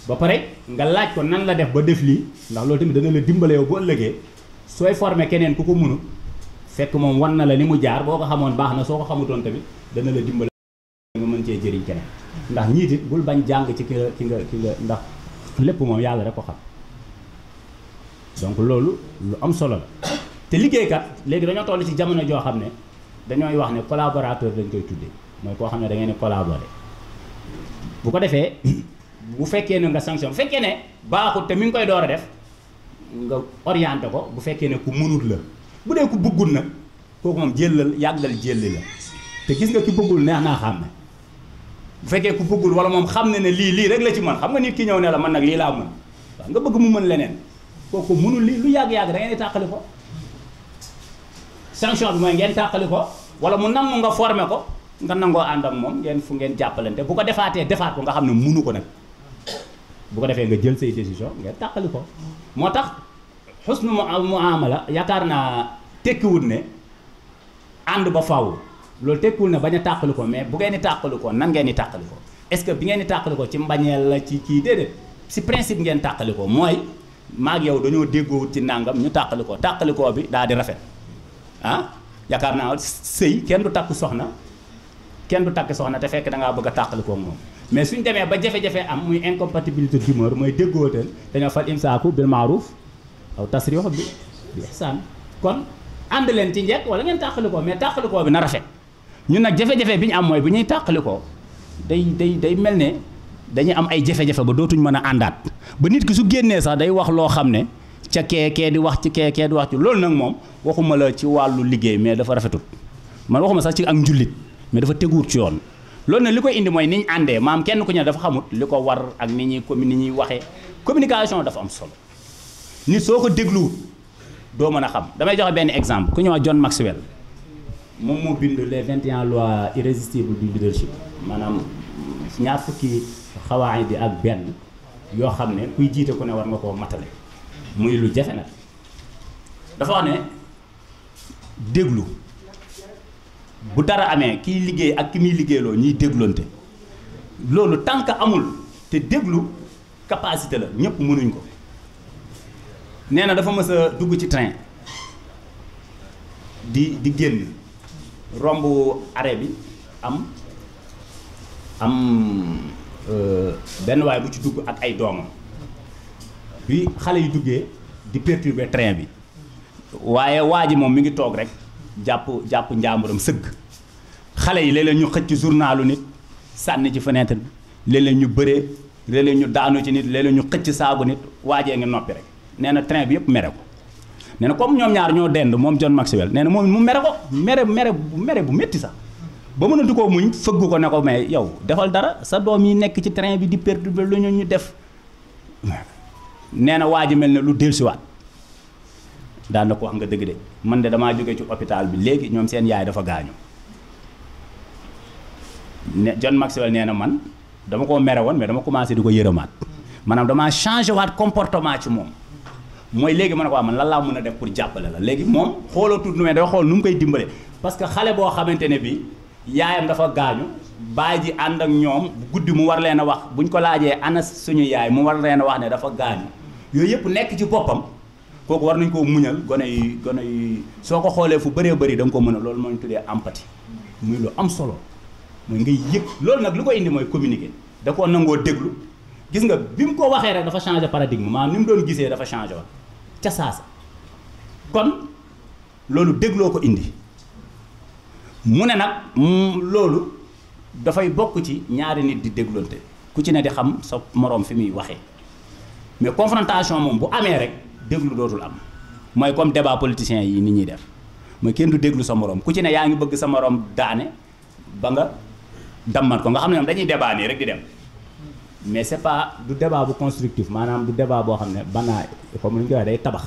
ba pare nga laaj ko nan la def ba def lii ndax loolu tamit dana la dimbale yow bu ëllëgee sooy formé keneen ku ko mënu fekk moom wan na la ni mu jaar boo ko xamoon baax na soo ko xamutoon tamit dana la dimbale nga mën cee jëriñ keneen ndax ñiit it bul bañ jàng ci ki la ki nga ki la ndax lépp moom yàlla rek ko xam donc loolu lu am solo te liggéeykat léegi dañoo toll ci jamono joo xam ne dañooy wax ne collaborateur dañ koy tuddee mooy koo xam ne da ngeen di collaborer bu ko defee bu fekkee ne nga sanction bu fekkee ne baaxut te mi ngi koy door a def nga orienté ko bu fekkee ne ku mënut la bu dee ku bëggul nag kooku moom jëllal yàggal jëlli la te gis nga ki bëggul neex naa xam ne bu fekkee ku bëggul wala moom xam ne ne lii lii rek la ci mën xam nga nit ki ñëw ne la man nag lii laa mën waaw nga bëgg mu mën leneen kooku mënul lii lu yàgg-yàgg da ngeen di ko sanction bi mooy ngeen tàqali ko wala mu nangu nga formé ko nga nangoo ànd ak moom ngeen fu ngeen jàppalante bu ko defaatee defaat ko nga xam ne munu ko nag bu ko defee nga jël say décision ngeen tàqali ko moo tax xusnu muamala yaakaar naa tekkiwul ne ànd ba faaw loolu tekkiwul ne bañ a tàqali ko mais bu ngeen di tàqali ko nan di tàqali ko est-ce bi ngeen di tàqali ko ci mbañeel la ci kii déedéet si principe ngeen tàqali ko mooy mag yow dañoo déggoowut ci nàngam ñu tàqali ko tàqali ko bi daal di rafet ah yaakaar naa sëy kenn du takk soxna kenn du takk soxna te fekk da ngaa bëgg a tàqali koog moom mais suñ demee ba jafe-jafe am muy incompatibilité d'humeur mooy déggoo déggootal dañoo fal imsaaku bil maaruf aw tasrih bi bi ihsaan kon ànd leen ci njëkk wala ngeen tàqalikoo mais tàqalikoo bi na rafet ñun nag jafe-jafe bi ñu am mooy bu ñuy tàqalikoo day day day mel ne dañuy am ay jafe-jafe ba dootuñ mën a àndaat ba nit ki su génnee sax day wax loo xam ne ca kee kee di wax ci kee kee di wax ci loolu nag moom waxuma la ci wàllu liggéey mais dafa rafetul man waxuma sax ci ak njullit mais dafa teguut ci yoon loolu nag li ko indi mooy ni ñu àndee maam kenn ku ñu dafa xamut li ko war ak ni ñuy commu ni ñuy waxee communication dafa am solo nit soo ko dégluwut doo mën a xam damay joxe benn exemple ku ñuy wax John Maxwell moom moo bind les 21 lois irrésistibles du leadership maanaam ñaar fukki xawaay di ak benn yoo xam ne kuy jiite ku ne war nga koo matale muy lu jafe nag dafa wax ne déglu bu dara amee kiy liggéey ak ki muy liggéeyloo ñuy dégloonte loolu tant que amul te déglu capacité la ñëpp mënuñ ko nee na dafa mës a dugg ci train di di génn romb arrêt bi am am euh, benn waay bu ci dugg ak ay doomam bi xale yi duggee di perturber train bi waaye waa ji moom mi ngi toog rek jàpp jàpp njàmburam sëgg xale yi léeg ñu xëcc ci journalu nit sànni ci fenêtre bi léeg ñu bëree léeg ñu daanu ci nit léeg ñu xëcc saagu nit waajee ngi noppi rek nee na train bi yëpp mere ko nee na comme ñoom ñaar ñoo dend moom John Maxwell nee na moom mu mere ko mere mere mere bu métti sax ba mën a du ko muñ fëgg ko ne ko mais yow defal dara sa doom yi nekk ci train bi di perturber lu ñu ñu def nee na waa ji mel ne lu dellusiwaat daan na ko wax nga dëgg de man de damaa jóge ci hôpital bi léegi ñoom seen yaay dafa gaañu ne John Maxwell nee na man dama koo mere woon mais dama commencé di ko yërëmaat maanaam damaa changé comportement ci moom mooy léegi mën ne ko waa man lan laa mën a def pour jàppale la léegi moom xoolatu nu mais day xool nu mu koy dimbale parce que xale boo xamante ne bi yaayam dafa gaañu baay ji ànd ak ñoom guddi mu war leen a wax buñ ko laajee ana suñu yaay mu war leen a wax ne dafa gaañu yooyu yëpp nekk ci boppam kooku war nañ koo muñal gone yi gone yi soo ko xoolee fu bëree bëri da koo mën a loolu moo ñu tuddee empathie muy lu am solo mooy ngay yëg loolu nag lu ko indi mooy communiquer da koo nangoo déglu gis nga bi mu ko waxee rek dafa changé paradigme maanaam ni mu doon gisee dafa changé woon ca saasa kon loolu dégloo ko indi mu ne nag mm, loolu dafay bokk ci ñaari nit di déglonte ku ci ne di xam sa moroom fi muy waxee mais confrontation moom bu amee rek déglu dootul am mooy comme débat politicien yi nit ñuy def mooy kenn du déglu sa moroom ku ci ne yaa ngi bëgg sa morom daane ba nga dammat ko nga xam ne ñoom dañuy débat nii rek di dem mais c'est pas du débat bu constructif maanaam du débat boo xam ne ba comme lu ñu koy waxee day tabax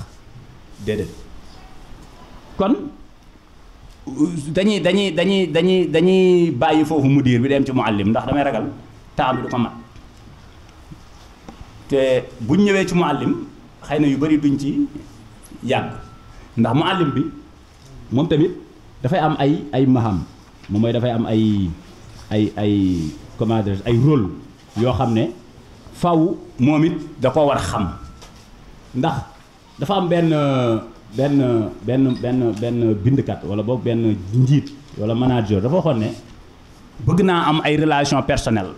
déedéet kon dañuy dañuy dañuy dañuy dañuy bàyyi foofu mudir bi dem ci muallim ndax damay ragal temps bi du ko mat te buñ ñëwee ci muallim xëy na yu bari duñ ci yàgg ndax muallim bi moom tamit dafay am ay ay maham moom mooy dafay am ay ay ay comment dirais ay rôle yoo xam ne faw moom it da ko war a xam ndax dafa am benn benn benn benn benn bindkat wala boog benn njiit wala manager dafa waxoon ne bëgg naa am ay relation personnelle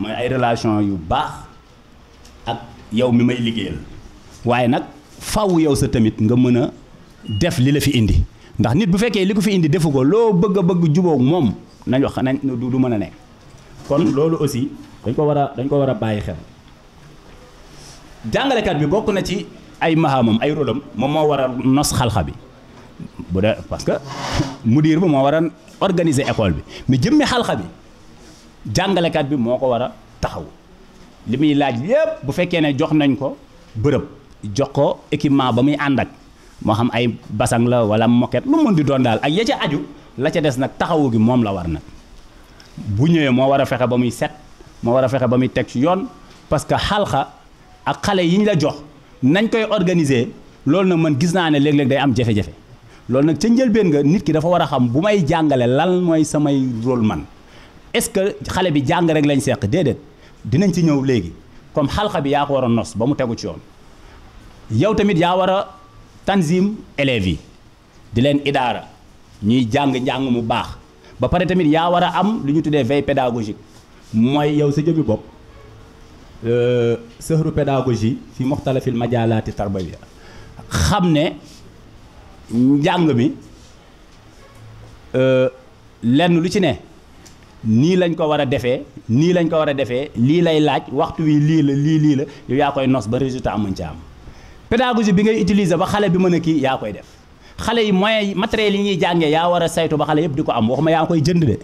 mooy ay relation yu baax yow mi may liggéeyal waaye nag faaw yow sa tamit nga mën a def li la fi indi ndax nit bu fekkee li ko fi indi defu ko loo bëgg bëgg jubóog moom nañ wax nañ du mën a nekk kon loolu aussi dañ ko war a dañ ko war a bàyyi xel jàngalekat bi bokk na ci ay mahamam ay rolam moom moo war a nos xalxa bi bu dee parce que mudir bi moo war a organiser école bi mu jëmmi xalxa bi jàngalekat bi moo ko war a taxaw li muy laaj yépp bu fekkee ne jox nañ ko bërëb jox ko équipement ba muy ànd ak moo xam ay basang la wala mokket lu mën di doon daal ak ya ca aju la ca des nag taxawu gi moom la war nag bu ñëwee moo war a fexe ba muy set moo war a fexe ba muy teg ci yoon parce que xalxa ak xale yi ñu la jox nañ koy organiser loolu nag mën gis naa ne léeg-léeg day am jafe-jafe loolu nag ca njëlbeen nga nit ki dafa war a xam bu may jàngale lan mooy samay rôle man est-ce que xale bi jàng rek lañ seq déedéet. dinañ ci ñëw léegi comme xalqa yaa ko war a nos ba mu tegu ci yoon yow tamit yaa war a tanzim élèves yi di leen idaara ñuy jàng jàng mu baax ba pare tamit yaa war a am lu ñu tuddee veille pédagogique mooy yow sa jëmmi bopp sëhru pédagogie fi muxtalafil majaalaati tarbawiya xam ne njàng mi lenn lu ci ne nii lañ ko war a defee nii lañ ko war a defee lii lay laaj waxtu wi lii la lii lii la yow yaa koy nos ba résultat amuñ ci am pédagogie bi ngay utiliser ba xale bi mën a kii yaa koy def xale yi moyens yi matériels yi ñuy jàngee yaa war a saytu ba xale yëpp di ko am waxuma yaa koy jënd de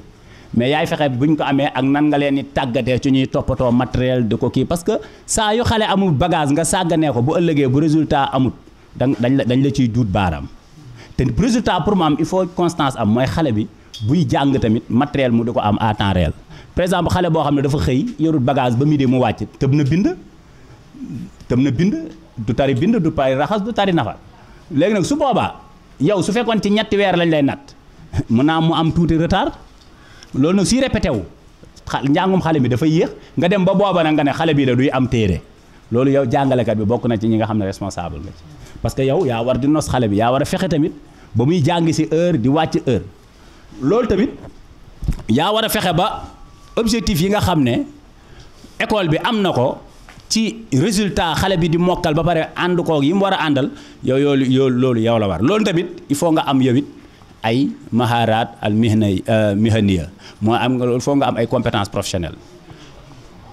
mais yaay fexe buñ ko amee ak nan nga leen di tàggatee ñuy toppatoo matériel di ko kii parce que saa yu xale amul bagage nga sàgganee ko bu ëllëgee bu résultat amut dañ la dañ la ciy duut baaraam te résultat pour mu am il faut constance am mooy xale bi. buy jàng tamit matériel mu du ko am à temps réel par exemple xale boo xam ne dafa xëy yorut bagage ba muy midi mu wàcc tëb na bind tëb na bind du tari bind du tari raxas du tari nafar léegi nag su boobaa yow su fekkoon ci ñetti weer lañ lay nat mun naa mu am tuuti retard loolu nag suy répété wu xa njàngum xale bi dafa yéex nga dem ba booba na nga ne xale bi da duy am téere loolu yow jàngalekat bi bokk na ci ñi nga xam ne responsable nga ci parce que yow yaa war di xale bi yaa war a fexe tamit ba muy jàng si heure di wàcc loolu tamit yaa war a fexe ba objectif yi nga xam ne école bi am na ko ci résultat xale bi di mokkal ba pare ànd koog yi mu war a àndal yow yow loolu yow la war loolu tamit il faut nga am yow ay maharaat al mihna euh, mihaniya moo am nga loolu foo nga am ay compétence professionnelle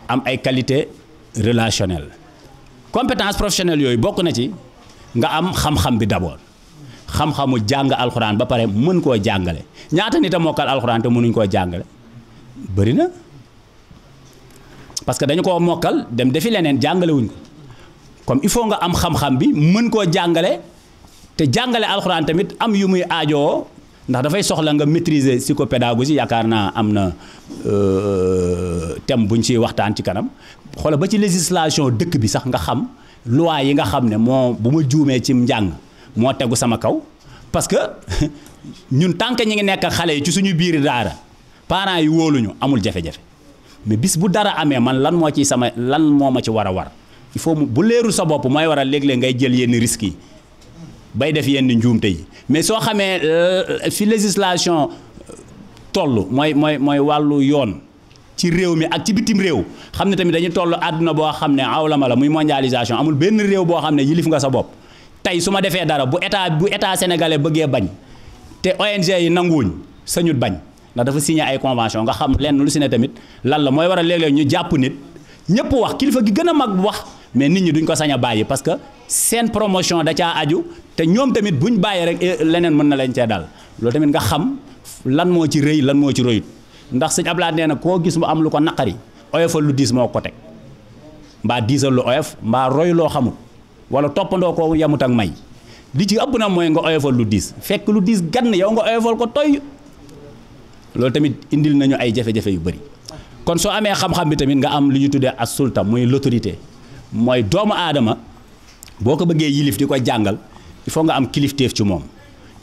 am ay qualité relationnelle compétence professionnelle yooyu bokk na ci nga am xam-xam bi d'abord xam-xamu jàng alxuraan ba pare mën koo jàngale ñaata nit a mokkal alxuraan te mënuñ koo jàngale bëri na parce que dañu koo mokkal dem defi leneen jàngalewuñ ko comme il faut nga am xam-xam bi mën koo jàngale te jàngale alxuraan tamit am yu muy aajoo ndax dafay soxla nga si maîtriser psychopédagogie yaakaar naa am na euh, thème bu ñu ciy waxtaan ci kanam xoola ba ci législation dëkk bi sax nga xam loi yi nga xam ne moo bu ma juumee ci njàng. moo tegu sama kaw parce que ñun tant que ñu ngi nekk xale yi ci suñu biir daara parents yi wóoluñu amul jafe-jafe mais bis bu dara amee man lan moo ci sama lan moo ma ci war a war il faut bu leerul sa bopp mooy waral léeg-léeg ngay jël yenn risques yi bay def yenn njuumte yi mais soo xamee euh, fi législation euh, toll mooy mooy mooy wàllu yoon ci réew mi ak ci bitim réew xam ne tamit dañu toll àdduna boo xam ne ma la muy mondialisation amul benn réew boo xam ne yilif nga sa bopp. tey su ma defee dara bu état bu état sénégalais bëggee bañ te ONG yi nanguwuñ sañut bañ ndax dafa signé ay convention nga xam lenn lu si ne tamit lan la mooy waral léeg-léeg ñu jàpp nit ñëpp wax kilifa gi gën a mag wax mais nit ñi duñ ko sañ a bàyyi parce que seen promotion da caa aju te ñoom tamit buñ bàyyi rek eh, leneen mën na leen cee daal loolu tamit nga xam lan moo ci rëy lan moo ci rëyut ndax sëñ Ablaye nee na koo gis mu am lu ko naqari oyofal lu diis moo ko teg mbaa diisal lu mbaa roy loo xamul. wala toppandoo ko yamut ak may li ci ëpp na mooy nga oyofal lu diis fekk lu diis gann yow nga oyofal ko toy loolu tamit indil nañu ay jafe-jafe yu bëri kon soo amee xam-xam bi tamit nga am lu ñu tuddee ak sulta muy l'autorité mooy doomu aadama boo ko bëggee yilif di ko jàngal il faut nga am kilifteef ci moom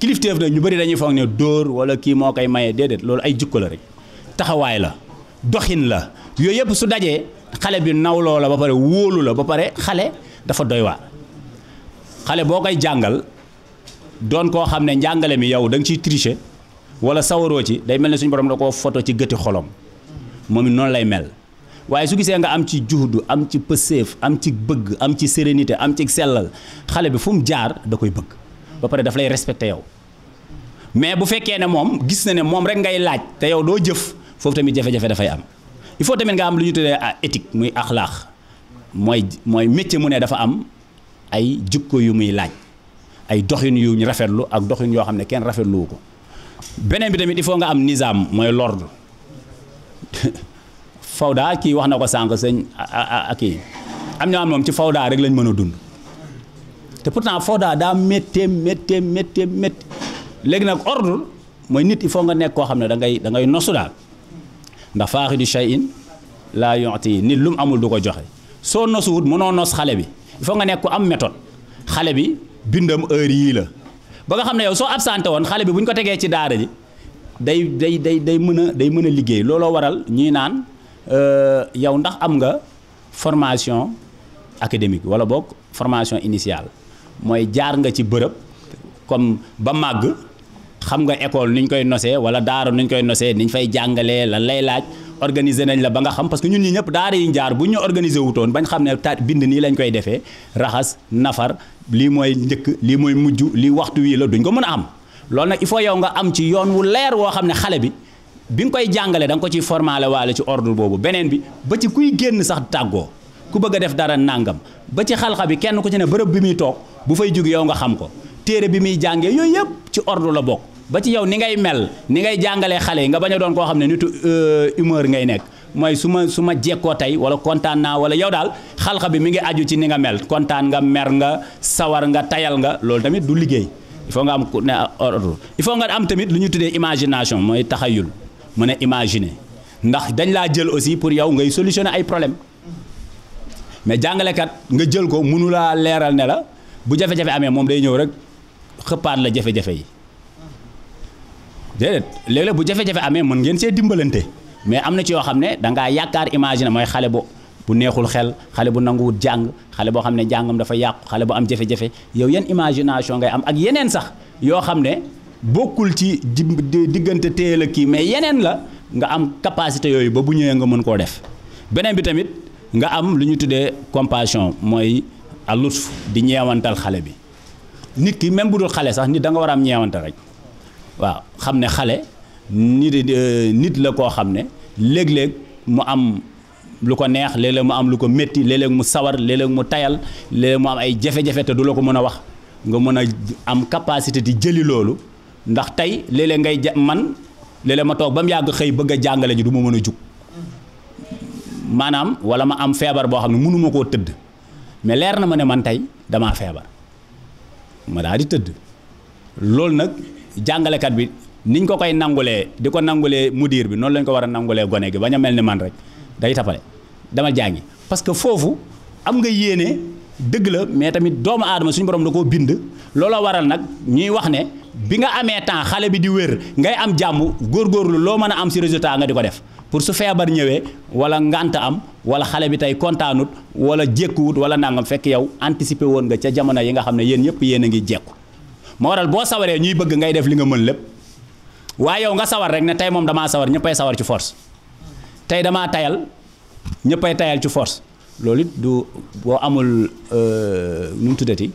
kilifteef nag ñu bëri dañuy foog ne dóor wala kii moo koy maye déedéet loolu ay jikko la rek taxawaay la doxin la yooyu yëpp su dajee xale bi nawloo la ba pare wóolu ba pare xale dafa doy xale boo koy jàngal doon koo xam ne njàngale mi yow da nga ciy tricher wala sawaroo ci day mel ne suñ borom da koo foto ci gëti xolom moom it noonu lay mel waaye su gisee nga am ci juhdu am ci pëseef am ci bëgg am ci sérénité am ci sellal xale bi fu mu jaar da koy bëgg ba pare daf lay respecté yow mais bu fekkee ne moom gis na ne moom rek ngay laaj te yow doo jëf foofu tamit jafe-jafe dafay am il faut tamit nga am lu ñu tuddee éthique muy axlaax mooy mooy métier mu ne dafa am ay jikko yu muy laaj ay doxin yu rafetlu ak doxin yoo xam ne kenn rafetluwu ko beneen bi tamit il nga am nizaam mooy l'ordre fawda kii wax na ko sànq sëñ kii am na moom ci fawda rek lañ mën a dund te pourtant fawda daa méttee méttee méttee métti léegi nag ordre mooy nit il faut nga nekk koo xam ne da ngay da nosu daal ndax faaxidu shay'in laa yu'ti nit lu mu amul du ko joxe soo nosuwut mënoo nos xale bi il nga nekk ku am méthode xale bi bindam heure yii la ba nga xam ne yow soo absenté woon xale bi bu ñu ko tegee ci daara ji day day day day mën a day mën a liggéey looloo waral ñuy naan euh, yow ndax am nga formation académique wala boog formation initiale mooy jaar nga ci bërëb comme ba màgg xam nga école ni ñu koy nosee wala daara ni ñu koy nosee ni ñu fay jàngalee la lay laaj organiser nañ la ba nga xam parce que ñun ñi ñëpp daara yi jaar bu ñu organiser wutoon bañ xam ne taat bind nii lañ koy defee raxas nafar lii mooy njëkk lii mooy mujj lii waxtu wii la duñ ko mën a am loolu nag i faut yow nga am ci yoon wu leer woo xam ne xale bi bi nga koy jàngale da nga ko ciy formale waale ci ordre boobu beneen bi ba ci kuy génn sax tàggoo ku bëgg a def dara nàngam ba ci xalxa bi kenn ku ci ne bërëb bi muy toog bu fay jóge yow nga xam ko téere bi muy jàngee yooyu yëpp ci ordre la bokk ba ci yow ni ngay mel ni ngay jàngalee xale yi nga bañ doon koo xam ne nitu euh, humeur ngay nekk mooy su ma su ma jekkoo tey wala kontaan naa wala yow daal xalxa bi mi ngi aju ci ni nga mel kontaan nga mer nga sawar nga tayal nga loolu tamit du liggéey il faut nga am ku ne ordre il faut nga am tamit lu ñu tuddee imagination mooy taxayul mën ne imaginer ndax dañ laa jël aussi pour yow ngay solutionner ay problème mais jàngalekat nga jël ko mënu laa leeral ne la bu jafe-jafe amee moom day ñëw rek xëppaat la jafe yi déedéet léeg-léeg bu jafe-jafe amee mën ngeen see dimbalante mais am na ci yoo xam ne da ngaa yaakaar imaginer mooy xale bu bu neexul xel xale bu nanguwut jàng xale boo xam ne jàngam dafa yàqu xale bu am jafe yow yan imagination ngay am ak yeneen sax yoo xam ne bokkul ci diggante téel a kii mais yeneen la nga am capacité yooyu ba bu ñëwee nga mën koo def beneen bi tamit nga am lu ñu tuddee compassion mooy alutf di ñeewantal xale bi nit ki même bu dul xale sax nit da nga war a am ñeewantal rek. waaw xam ne xale nit euh, nit la koo xam ne léeg-léeg mu am lu ko neex léeg mu am lu ko métti léeg mu sawar léeg mu tayal léeg mu am ay jafe-jafe te du la ko mën a wax nga mën a am capacité di jëli loolu ndax tey léeg ngay ja man léeg ma toog ba mu yàgg xëy bëgg a jàngale ji du ma mën a jug maanaam walla ma am feebar boo xam ne mënu koo tëdd mais leer na ma ne man tey damaa feebar ma daal di tëdd loolu nag. jàngalekat bi niñ ko koy nangulee di ko nangulee mudir bi noonu lañ ko war a nangulee gone gi bañ a mel ni man rek day tapale dama jàngi parce que foofu am nga yéene dëgg la mais tamit doomu aadama suñ borom da koo bind looloo waral nag ñuy wax ne bi nga amee temps xale bi di wér ngay am jàmm góorgóorlu loo mën a am si résultat nga di ko def pour su feebar ñëwee wala ngànt am wala xale bi tey kontaanut wala jékkuwut wala nangam fekk yow anticiper woon nga ca jamono yi nga xam ne yéen ñëpp yéen a ngi jekku moo waral boo sawaree ñuy bëgg ngay def li nga mën lépp waaye yow nga sawar rek ne tey moom damaa sawar ñëppay sawar ci force tey damaa tayal ñëppay tayal ci force loolu it du boo amul euh, nu mu tuddati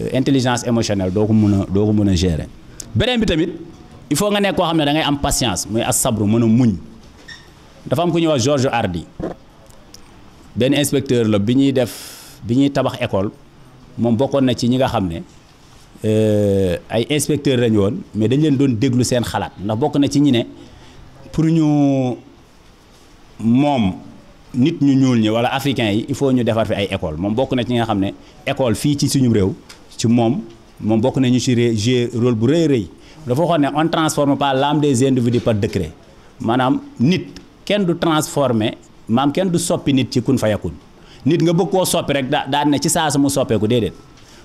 euh, intelligence émotionnelle doo ko mun a doo ko mën a gérer beneen bi tamit il faut nga nekk koo xam ne da ngay am patience muy as sabru mën a muñ dafa am ku ñëw wax George Hardy benn inspecteur la bi ñuy def bi ñuy tabax école moom bokkoon na ci ñi nga xam ne. Euh, ay inspecteur lañu mais dañ leen doon déglu seen xalaat ndax bokk na ci ñi ne pour ñu moom nit ñu ñuul ñi walla africain yi il faut ñu defar fi ay école moom bokk na ci nga xam ne école fii ci suñu réew ci moom moom bokk nañu ci jouer rôle bu rëy rëy dafa waxoon ne en transforme pas l'âme des individus par décret maanaam nit kenn du transformer maam kenn du soppi nit ci kun fayakun nit nga bëgg koo soppi rek daa daan ne ci saa su mu soppeeku déedéet.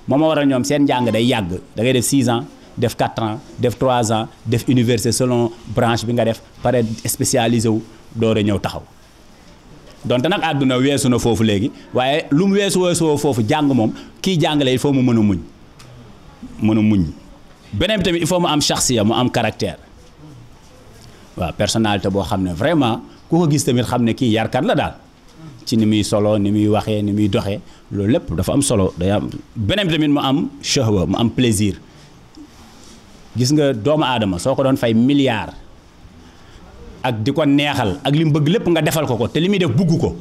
moom moo waral ñoom seen njàng day yàgg da ngay def 6 ans def 4 ans def trois ans def université selon branche bi nga def pare spécialisé wu door a ñëw taxaw donte nag àdduna weesu na foofu léegi waaye lu mu weesu weesu foofu jàng moom kii jàngale il faut mu mën a muñ mën a muñ beneen bi tamit il faut mu am chaxsiya mu am caractère waaw personnalité boo xam ne vraiment ku ko gis tamit xam ne kii yarkat la daal. ci ni muy solo ni muy waxee ni muy doxee loolu lépp dafa am solo day am beneen bi tamit mu am shahwa mu am plaisir gis nga doomu aadama soo ko doon fay milliard ak di ko neexal ak li mu bëgg lépp nga defal ko ko te li muy def bugg ko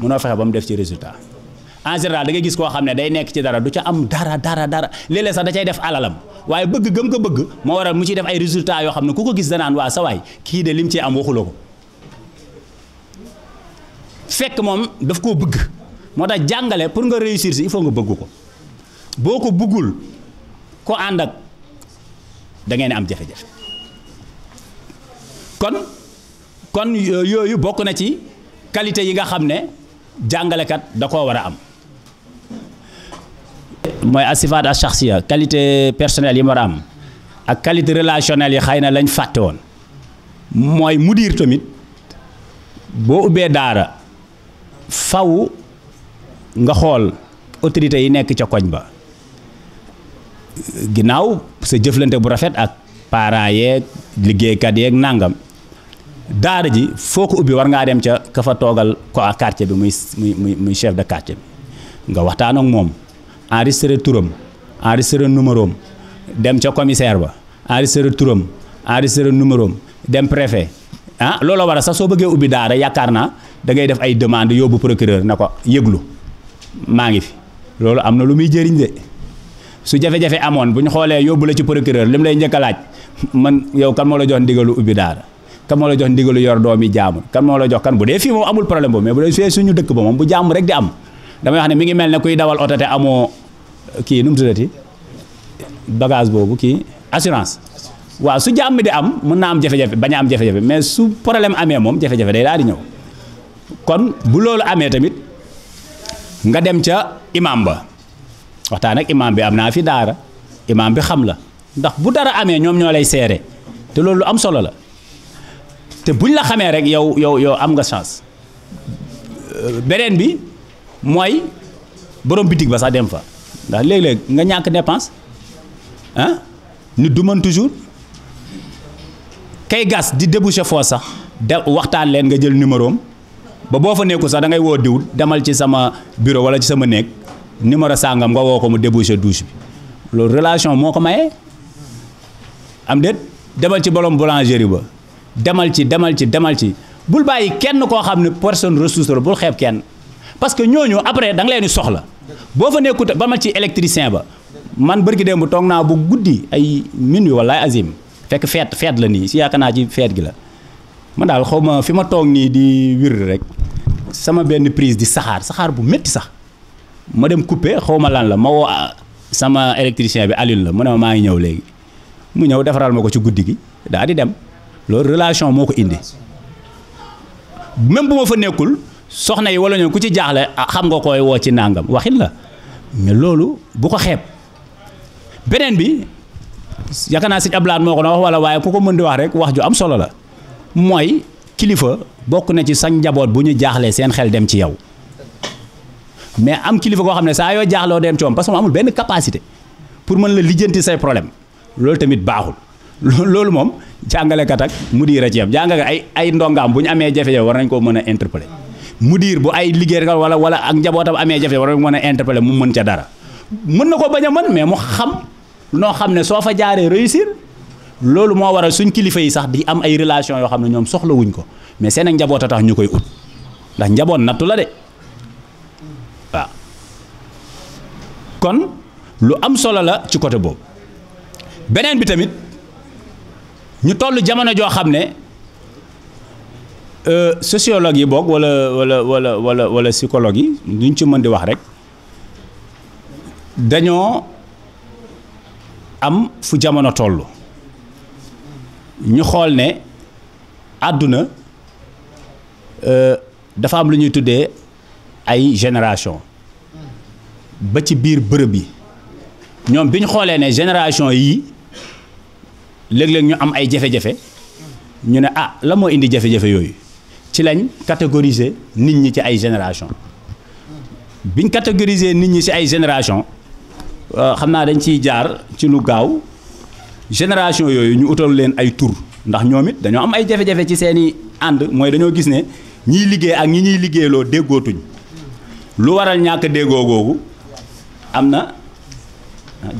munoo fexe ba mu def ci résultat en général da ngay gis koo xam ne day nekk ci dara du ca am dara dara dara léeg-léeg sax da cay def alalam waaye bëgg gëm ko bëgg moo waral mu ci def ay résultat yoo xam ne ku ko gis danaan waa sa kii de lim ci am waxuloo ko. fekk moom daf koo bëgg moo tax jàngale pour nga réussir si il faut nga bëgg ko boo ko bëggul ko ànd ak da ngeen am jafe-jafe kon kon yooyu bokk na ci qualité yi nga xam ne jàngalekat da koo war a am. mooy asifaat a shaxsiya qualité personnelle yi ma war a am ak qualité relationnel yi xay na lañ fàtte woon mooy mudir tamit boo ubbee daara. faw nga xool autorités yi nekk ca koñ ba ginnaaw sa jëflante bu rafet ak parents yeeg liggéeykat yeeg nàngam daara ji foo ko ubbi war ngaa dem ca ka fa toogal ko a quartier bi muy muy muy chef de quartier bi nga waxtaan ak moom enregistré turam enregistré numéro am dem ca commissaire ba enregistré turam enregistré numéro am dem préfet ah looloo war a sax soo bëggee ubbi daara yaakaar naa da ngay def ay demande yóbbu procureur na ko yëglu maa ngi fi loolu am na lu muy jëriñ de su jafe-jafe amoon bu ñu xoolee yóbbu la ci procureur li mu lay njëkk a laaj man yow kan moo la jox ndigalu ubbi daal kan moo la jox ndigalu yor doom yi jaamul kan moo la jox kan bu dee fii moom amul problème boobu mais bu dee fii suñu dëkk ba moom bu jaamu rek di am damay wax ne mi ngi mel ne kuy dawal oto te amoo kii nu mu tuddati bagage boobu kii assurance waaw su jàmm di am mën naa am jafe bañ am jafe-jafe mais su problème amee moom jafe-jafe di ñëw. kon bu loolu amee tamit nga dem ca imaam ba waxtaan ak imaam bi am naa fi daara imaam bi xam la ndax bu dara amee ñoom ñoo lay seere te loolu lu am solo la te buñ la xamee rek yow yow yow am nga chance euh, beneen bi mooy borom bitig ba sax dem fa ndax léeg-léeg nga ñàkk dépense ah nit du mën toujours kay gas di déboucher foo sax de waxtaan leen nga jël numéro am ba boo fa nekkul sax dangay woo diw demal ci sama bureau wala ci sama néeg numéro sàngam nga woo ko mu débouché douche bi loolu relation moo ko maye am déet demal ci borom boulangerie ba demal ci demal ci demal ci bul bàyyi kenn koo xam ne personne ressource la bul xeeb kenn parce que ñooñu après danga leen di soxla boo fa nekkut ba ma ci électricien ba man bërki dem bu toog naa bu guddi ay minuit wallaay azim fekk feet feet la nii si yaakaar naa ci feet gi la man daal xaw ma fi ma toog nii di wir rek sama benn prise di saxaar saxaar bu metti sax ma dem coupé xaw ma lan la ma wo ah, sama électricien bi Alioune la mu ne ma maa ngi ñëw léegi mu ñëw defaral ma ko ci guddi gi daa di dem loolu relation moo ko indi même bu ma fa nekkul soxna yi wala ñoom ku ci jaaxle ah, xam nga koy woo ci nàngam waxin la mais loolu bu ko xeeb beneen bi yaakaar naa sëñ Ablaye moo ko na wax wala waaye ku ko mën di wax rek wax ju am solo la. mooy kilifa bokk na ci sañ njaboot bu ñu jaaxlee seen xel dem ci yow mais am kilifa koo xam ne saa yoo jaaxloo dem ci moom que moom amul benn capacité pour mën la lijjanti say problème loolu tamit baaxul loolu moom jàngale jàngalekat ak diir a ci yam jàngalekat ay ay ndongaam bu ñu amee jafe-jafe war nañ koo mën a mu diir bu ay liggéey liggéeykat wala wala ak njabootam amee jafe war nañ mën a interpeller mu mën ca dara mën na ko bañ a mën mais mu xam noo xam ne soo fa jaaree réussir loolu moo waral suñ kilifa yi sax di am ay relation yoo xam ne ñoom soxlawuñ ko mais seen ak njaboot a tax ñu koy ut ndax njaboot nattu la de kon lu am solo la ci côté boobu beneen bi tamit ñu toll jamono joo xam ne euh, sociologue yi boog wala wala wala wala wala psychologue yi duñ ci mën di wax rek dañoo am fu jamono tollu ñu xool ne àdduna euh, dafa am lu ñuy tuddee ay génération ba ci biir bërëb yi ñoom bi ñu xoolee ne génération yii léeg-léeg ñu am ay jafe-jafe ñu ne ah la moo indi jafe-jafe yooyu ci lañ catégoriser nit ñi ci ay génération biñ catégoriser nit ñi ci ay génération euh, xam naa dañ ciy jaar ci lu gaaw génération yooyu ñu utal leen ay tur ndax ñoom it dañoo am ay jafe-jafe ci seen i ànd mooy dañoo gis ne ñiy liggéey ak ñi ñuy liggéeyloo déggootuñ lu waral ñàkk déggoo googu am na ah,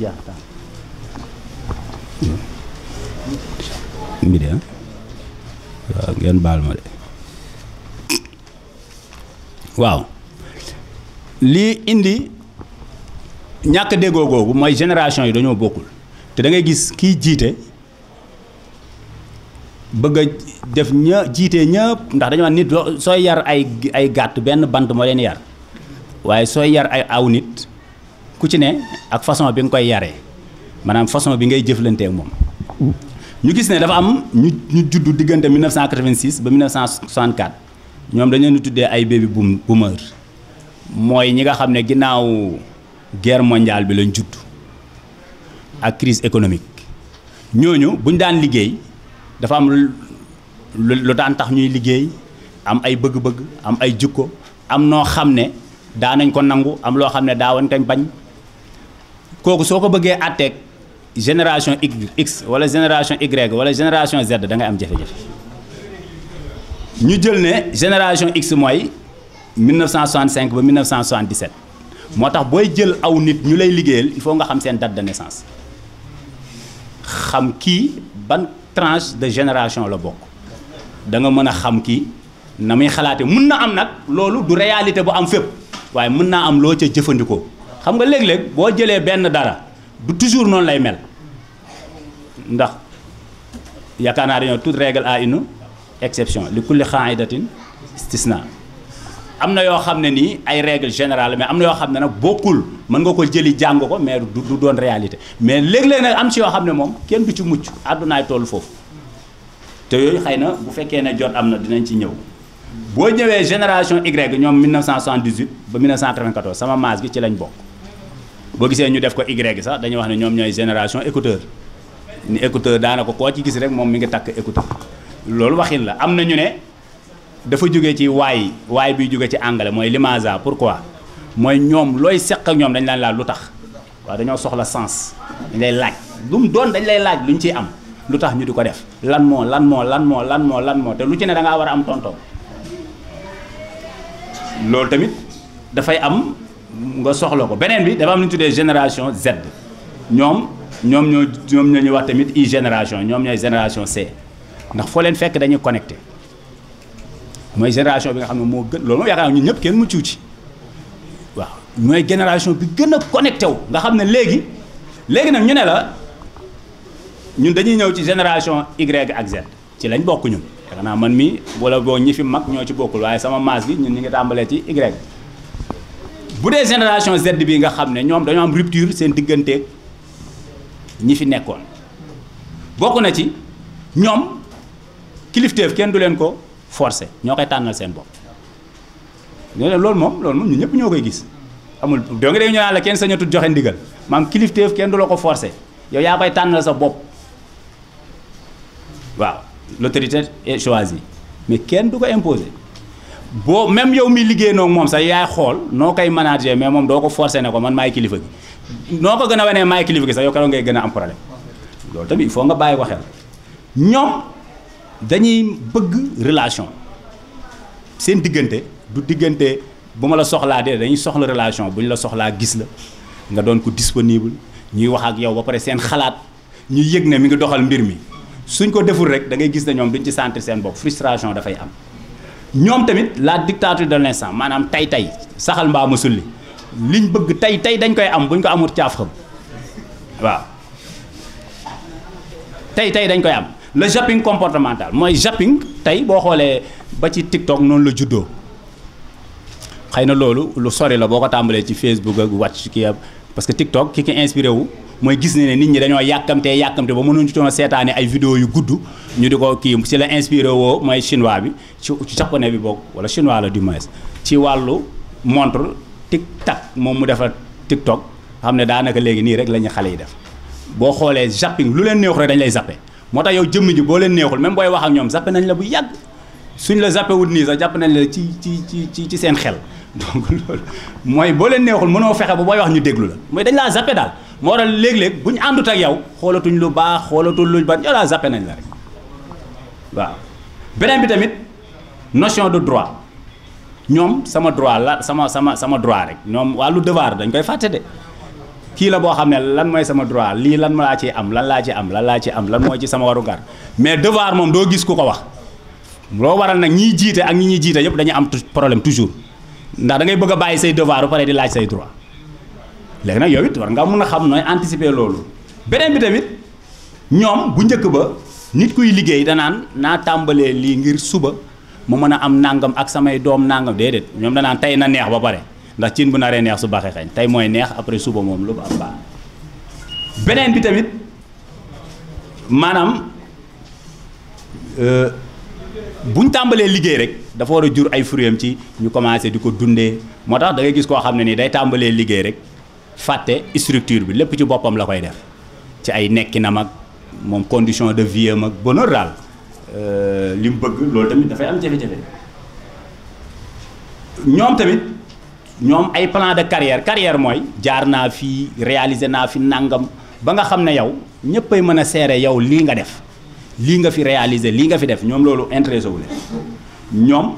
mbir waaw ngeen lii indi ñàkk déggoo googu mooy génération yi dañoo bokkul te da ngay gis kiy jiite bëgg a def ña jiite ñëpp ndax dañu naan nit sooy yar ay ay gàtt benn bant moo leen yar waaye sooy yar ay aw nit ku ci ne ak façon bi nga koy yare maanaam façon bi ngay jëflante moom. ñu gis ne dafa am ñu ñu juddu diggante 1986 ba 1964 ñoom dañu leen tuddee ay baby boom boomer mooy ñi nga xam ne ginnaaw guerre mondiale bi lañ judd. ak crise économique ñooñu bu ñu daan liggéey dafa am lu daan tax ñuy liggéey am ay bëgg-bëgg am ay jikko am noo xam ne daanañ ko nangu am loo xam ne daawoon kañ bañ kooku soo ko bëggee àtteeg génération X wala génération Y wala génération Z da ngay am jafe-jafe ñu jël ne génération X mooy 1965 ba 1977 moo tax booy jël aw nit ñu lay liggéeyal il faut nga xam seen date de naissance. xam kii ban tranche de génération la bokk danga mën a xam kii na muy xalaate mun na am nag loolu du réalité bu am fépp waaye mën naa am loo ca jëfandikoo xam nga léeg-léeg boo jëlee benn dara du toujours noonu lay mel ndax yaakaar naa dañoo toute règle a une exception li kulli xaaidatin istisna am na yoo xam ne nii ay règle générale mais am na yoo xam ne nag bokkul mën nga ko jëli jàng ko mais du doon réalité mais léeg-léeg nag am si yoo xam ne moom kenn du ci mucc àddunaay toll foofu te yooyu xëy na bu fekkee ne jot am na dinañ ci ñëw boo ñëwee génération Y ñoom 1978 ba 1994 sama maas gi ci lañ bokk boo gisee ñu def ko Y sax dañuy wax ne ñoom ñooy génération écouteur ni écouteur daanaka koo ci gis rek moom mi ngi takk écouteur loolu waxin la am na ñu ne. dafa jóge ci waay waay biy jóge ci anglais mooy pour pourquoi mooy ñoom looy seq ak ñoom dañ laan laal lu tax waa dañoo soxla sens dañ lay laaj lu mu doon dañ lay laaj lu ñu ciy am lu tax ñu du ko def lan moo lan moo lan moo lan moo lan moo te lu ci ne da ngaa war a am tontoom loolu tamit dafay am nga soxla ko beneen bi dafa am lu ñu tuddee génération Z ñoom ñoom ñoo ñoom ñoo ñuy wax tamit i génération ñoom ñooy génération C ndax foo leen fekk dañuy connecté mooy génération bi nga xam ne moo gën loolu moom yaakaar ñun ñëpp kenn mu ciw ci waaw mooy génération bi gën a connecté wu nga xam ne léegi léegi nag ñu ne la ñun dañuy ñëw ci génération Y ak Z ci lañ bokk ñun yaakaar naa man mi wala boo ñi fi mag ñoo ci bokkul waaye sama maas gi ñun ñu ngi tàmbalee ci Y bu dee génération Z bi nga xam ne ñoom dañoo am rupture seen digganteeg ñi fi nekkoon bokk na ci ñoom kilifteef kenn du leen ko forcé ñoo koy tànnal seen bopp ñoo loolu moom loolu moom ñu ñëpp ñoo koy gis amul doo ngi dégg ñu naan la kenn sañatul joxe ndigal maam kilifteef kenn du la ko forcé yow yaa koy tànnal sa bopp waaw l'autorité est choisie mais kenn du ko imposer boo même yow mi liggéey noog moom sax yaay xool noo koy manager mais moom doo ko forcé ne ko man maay kilifa gi noo ko gën a wanee maay kilifa gi sax yow keroog ngay gën a am problème loolu tamit il nga bàyyi ko xel dañuy bëgg relation seen diggante du diggante bu ma la soxlaa dee dañuy soxla relation bu ñu la soxlaa gis la nga doon ko disponible ñuy wax ak yow ba pare seen xalaat ñu yëg ne mi ngi doxal mbir mi suñ ko deful rek da ngay gis ne ñoom duñ ci sentir seen bopp frustration dafay am. ñoom tamit la dictature de l'instant maanaam tey tey saxal mbaa ma sulli liñ bëgg tey tey dañ koy am buñ ko amul caaf xam waaw tey tey dañ koy am. le zapping comportemental mooy zapping tey boo xoolee ba ci TikTok noonu la juddoo xëy na loolu lu sori la boo ko tàmbalee ci Facebook ak watch kii parce que TikTok kii ki inspiré wu mooy gis ne ne nit ñi dañoo yàkkamtee yàkkamte ba mënuñu ci seetaane ay vidéo yu gudd ñu di ko kii ci la inspiré woo mooy chinois bi ci japonais bi boog wala chinois la du moins ci wàllu montre tic tac moom mu defar TikTok xam ne daanaka léegi nii rek la xale yi def boo xoolee zapping lu leen neex rek dañ lay zappé. moo tax yow jëmm ji boo leen neexul même booy wax ak ñoom zappe nañ la bu yàgg suñ la zappe wut nii sax jàpp nañ la ci ci ci ci ci seen xel donc loolu mooy boo leen neexul mënoo fexe ba booy wax ñu déglu la mooy dañ laa zappe daal moo waral léeg-léeg bu ñu àndut ak yow xoolatuñ lu baax xoolatul lu ban yow laa zappe nañ la rek waaw beneen bi tamit notion de droit ñoom sama droit la sama sama sama droit rek ñoom wàllu devoir dañ koy fàtte de kii la boo xam ne lan mooy sama droit lii lan laa ci am lan laa ci am lan laa ci am lan mooy ci sama waru ngar mais devoir moom doo gis ku ko wax loo waral nag ñiy jiite ak ñi ñuy jiite yëpp dañu am problème toujours ndax da ngay bëgg a bàyyi say devoir ba pare di laaj say droit léegi nag yow it war nga mën a xam nooy anticiper loolu beneen bi tamit ñoom bu njëkk ba nit kuy liggéey danaan naa tàmbalee lii ngir suba mu mën a am nangam ak samay doom nangam déedéet ñoom danaan tey na neex ba pare ndax cin bu naree neex su baaxee xañ tey mooy neex après suba moom lu baax baax beneen bi tamit maanaam euh, bu ñu tàmbalee liggéey rek dafa war a jur ay fruits am ci ñu commencé di ko dundee moo tax dangay gis koo xam ne nii day tàmbalee liggéey rek fàtte structure bi lépp ci boppam la koy def ci ay nekkinam mag moom condition de vie am ak bonheur daal euh, li mu bëgg loolu tamit dafay am jafe-jafe ñoom tamit. ñoom ay plan de carrière carrière mooy jaar naa fii réaliser naa fi nangam ba nga xam ne yow ñëppay mën a seere yow lii nga def lii nga fi réaliser lii nga fi def ñoom loolu intéressé wu leen ñoom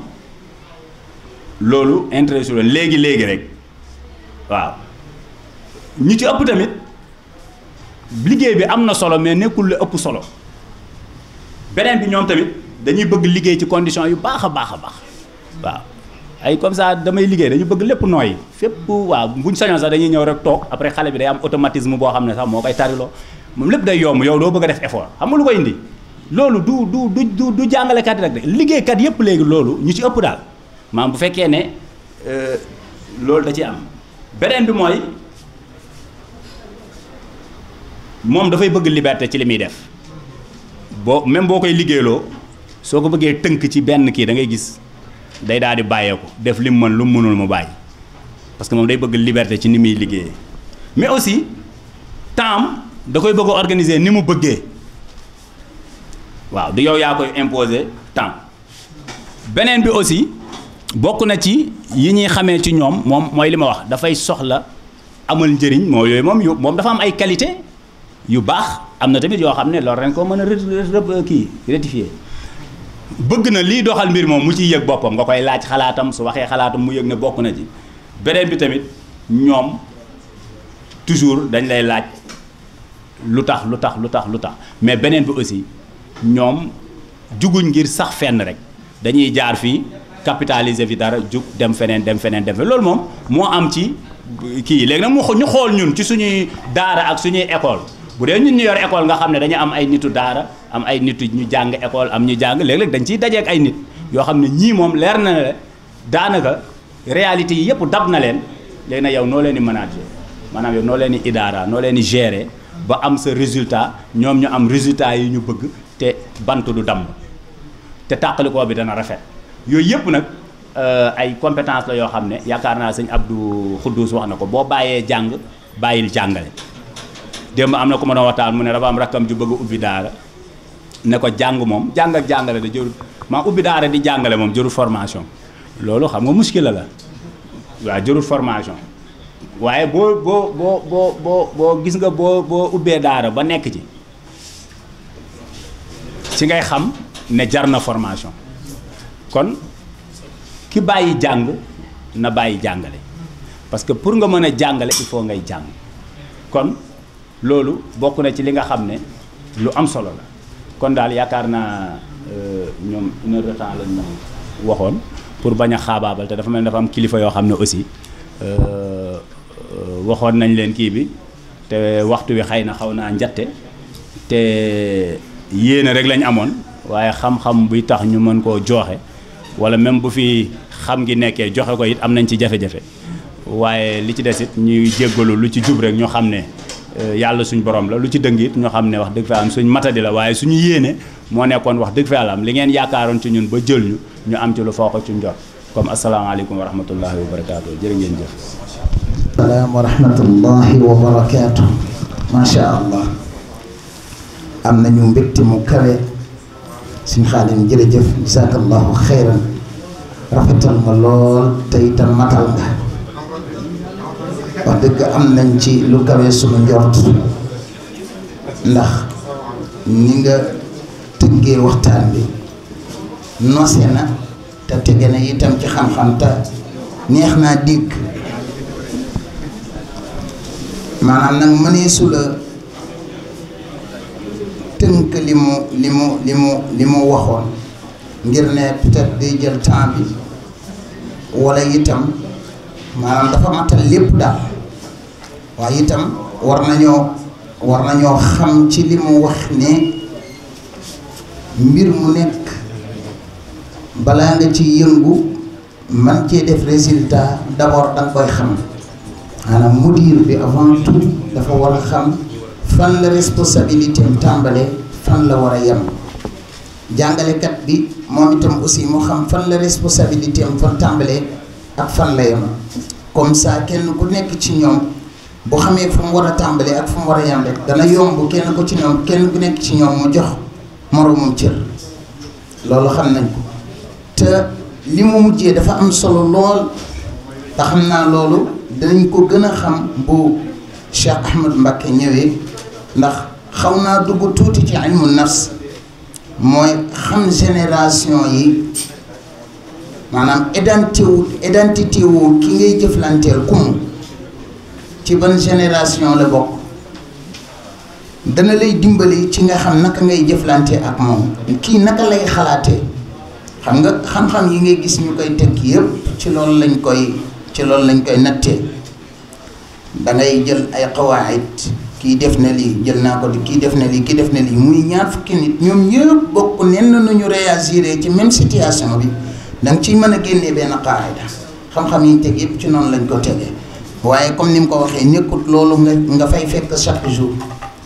loolu intéressé wu léegi léegi rek waaw ñu ci ëpp tamit liggéey bi am na solo mais nekkul lu ëpp solo beneen bi ñoom tamit dañuy bëgg liggéey ci condition yu baax a baax a baax waaw. ay comme sa damay liggéey dañu bëgg lépp nooy fépp waaw buñ sañoon sax dañuy ñëw rek toog après xale bi day am automatisme boo xam ne sax moo koy tariloo moom lépp day yomb yow doo bëgg a def effort loolu du du du du jàngalekat yi rek de yëpp léegi loolu ñu ci ëpp daal maam bu fekkee ne euh, loolu da ci am beneen bi mooy moom dafay bëgg liberté ci li muy def boo même boo koy liggéeyloo soo ko bëggee tënk ci benn kii da ngay gis day daal di bàyyeeku def lim mën lu mu mënul mu bàyyi parce que moom day bëgg liberté ci ni muy liggéeyee mais aussi temps da koy bëgg a organiser ni mu bëggee waaw du yow yaa koy imposer temps beneen bi aussi bokk na ci yi ñuy xamee ci ñoom moom mooy li ma wax dafay soxla amal njëriñ moo yooyu moom yu moom dafa am ay qualité yu baax am na tamit yoo xam ne loolu ren koo mën a kii rectifier bëgg na liy doxal mbir moom mu ci yëg boppam nga koy laaj xalaatam su waxee xalaatam mu yëg ne bokk na ci beneen bi tamit ñoom toujours dañ lay laaj lu tax lu tax lu tax lu tax mais beneen bi aussi ñoom juguñ ngir sax fenn rek dañuy jaar fii capitaliser fi dara jug dem feneen dem feneen dem feneen loolu moom moo am ci kii léegi nag mu ñu xool ñun ci suñuy daara ak suñuy école bu dee ñun ñu yor école nga xam ne dañu am ay nitu daara am ay nitu ñu jàng école am ñu jàng léeg-léeg dañ ciy dajeek ay nit yoo xam ne ñii moom leer na la daanaka réalités yi yëpp dab na leen léegi nag yow noo leen di manager maanaam yow noo leen di idaara noo leen di gérer ba am sa résultat ñoom ñu am résultat yi ñu bëgg te bant du damm te tàqalikoo bi dana rafet yooyu yëpp nag euh, ay compétence la yoo xam ne yaakaar naa sëñ Abdou Khoudous wax na ko boo bàyyee jàng bàyyil jàngale démb am na ko ma a waxtaan mu ne dafa am rakkam ju bëgg a ubbi daara ne ko jàng moom jàng ak jàngale da jëru maa ubbi daara di jàngale moom jëru formation loolu xam nga muskil la waa waaw jëru formation waaye boo boo boo boo boo boo gis nga boo boo ubbee daara ba nekk ci ci ngay xam ne jar na formation kon ki bàyyi jàng na bàyyi jàngale parce que pour nga mën a jàngale il foo ngay jàng kon loolu bokk na ci li nga xam ne lu am solo la kon daal yaakaar naa euh, ñoom une heure de temps lañ ñu waxoon pour bañ a xaabaabal te dafa mel ne dafa am kilifa yoo xam ne aussi euh, waxoon nañ leen kii bi te waxtu wi xëy na xaw naa njatte te yéene rek lañ amoon waaye xam-xam buy tax ñu mën koo jooxe wala même bu fi xam ngi nekkee joxe ko it am nañ ci jafe-jafe waaye li ci des it ñuy jéggalu lu ci jub rek ñoo xam ne. Euh, yàlla suñ borom la lu ci dëng it ñu xam ne wax dëgg fa am suñ matadi la waaye suñu yéene moo nekkoon wax dëgg fa am li ngeen yaakaaroon ci ñun ba jël ñu ñu am ci lu foo ko ci comme asalaamaaleykum wa rahmatullahi wa barakaatu jërë ngeen jëf salaam wa rahmatullahi allah am nañu mbégte mu kawe suñ xaalim jëf jazaakallahu xayran rafetal nga lool te itam matal nga wax dëgg am nañ ci lu kawee suñu njort ndax ni nga tëggee waxtaan bi nose na te tege na itam ci xam-xam te neex naa dégg maanaam nag mënee su la tënk li mu li mu li mu li mu waxoon ngir ne peut day jël temps bi walla itam maanaam dafa matal lépp daal waaye itam war nañoo war nañoo xam ci li mu wax ne mbir mu nekk balaa nga ci yëngu man cee def résultat d'abord da nga koy xam maanaam mudir bi avant tout dafa war a xam fan la responsabilité am tàmbale fan la war a yem jàngalekat bi moom itam aussi mu xam fan la responsabilité am fan tàmbale ak fan la yem comme ça kenn ku nekk ci ñoom. bu xamee fa mu war a tàmbalee ak fa mu war a yem rek dana yomb kenn ko ci ñoom kenn ku nekk ci ñoom mu jox moroomam cër loolu xam nañ te li mu mujjee dafa am solo lool te xam naa loolu dinañ ko gën a xam bu Cheikh Ahmed Mbacké ñëwee ndax xaw naa dugg tuuti ci ilmu nas mooy xam génération yi maanaam identité wu identité wu ki ngay jëflanteel ku mu ci ban génération la bokk dana lay dimbali ci nga xam naka ngay jëflante ak moom kii naka lay xalaatee xam nga xam-xam yi ngay gis ñu koy teg yépp ci loolu lañ koy ci loolu lañ koy nattee dangay jël ay xawaayit kii def na lii jël naa ko kii def na lii kii def na lii muy ñaar fukki nit ñoom ñëpp bokk nenn nu ñu réagir ci même situation bi danga ciy mën a génnee benn qaayida xam-xam yi ñu teg yëpp ci noonu lañ ko tegee waaye comme ni mu ko waxee ñëkkut loolu nga nga fay fekk chaque jour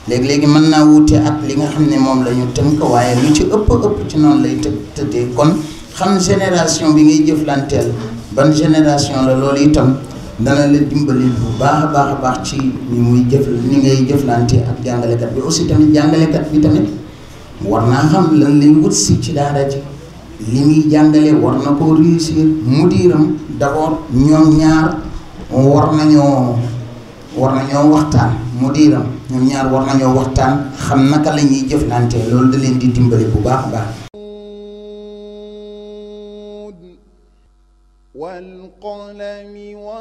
léegi-léegi mën naa wuute ak li nga xam ne moom la ñu tënk waaye lu ci ëpp ëpp ci noonu lay të tëddee kon xam génération bi ngay jëflanteel ban génération la loolu itam dana la dimbali bu baax a baax a baax ci ni muy jëf ni ngay jëflante ak jàngalekat bi aussi tamit jàngalekat bi tamit war naa xam lan lay wut si ci daara ji li muy jàngale war na koo réussir mudiram d'abord ñoom ñaar war nañoo war nañoo waxtaan mu diiram ñoom ñaar war nañoo waxtaan xam naka la ñuy jëflante loolu da leen di dimbali bu baax a baax. wal qalami wa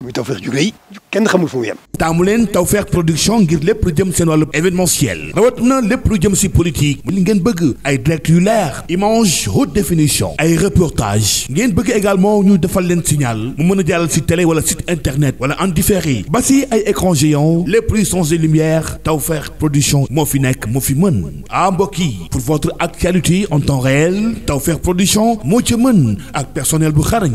muy Tawfekh ju rëy kenn xamul taamu leen Tawfekh production ngir lépp lu jëm seen wàllu événementiel rawat na lépp lu jëm si politique li ngeen bëgg ay direct yu leer image haute définition ay reportage ngeen bëgg également ñu defal leen signal mu mën a jàllal si télé wala site internet wala en différé ba si ay écran géant lépp luy son et lumière Tawfekh production moo fi nekk moo fi mën ah mbokk yi pour votre actualité en temps réel Tawfekh production moo ci mën ak personnel bu xarañ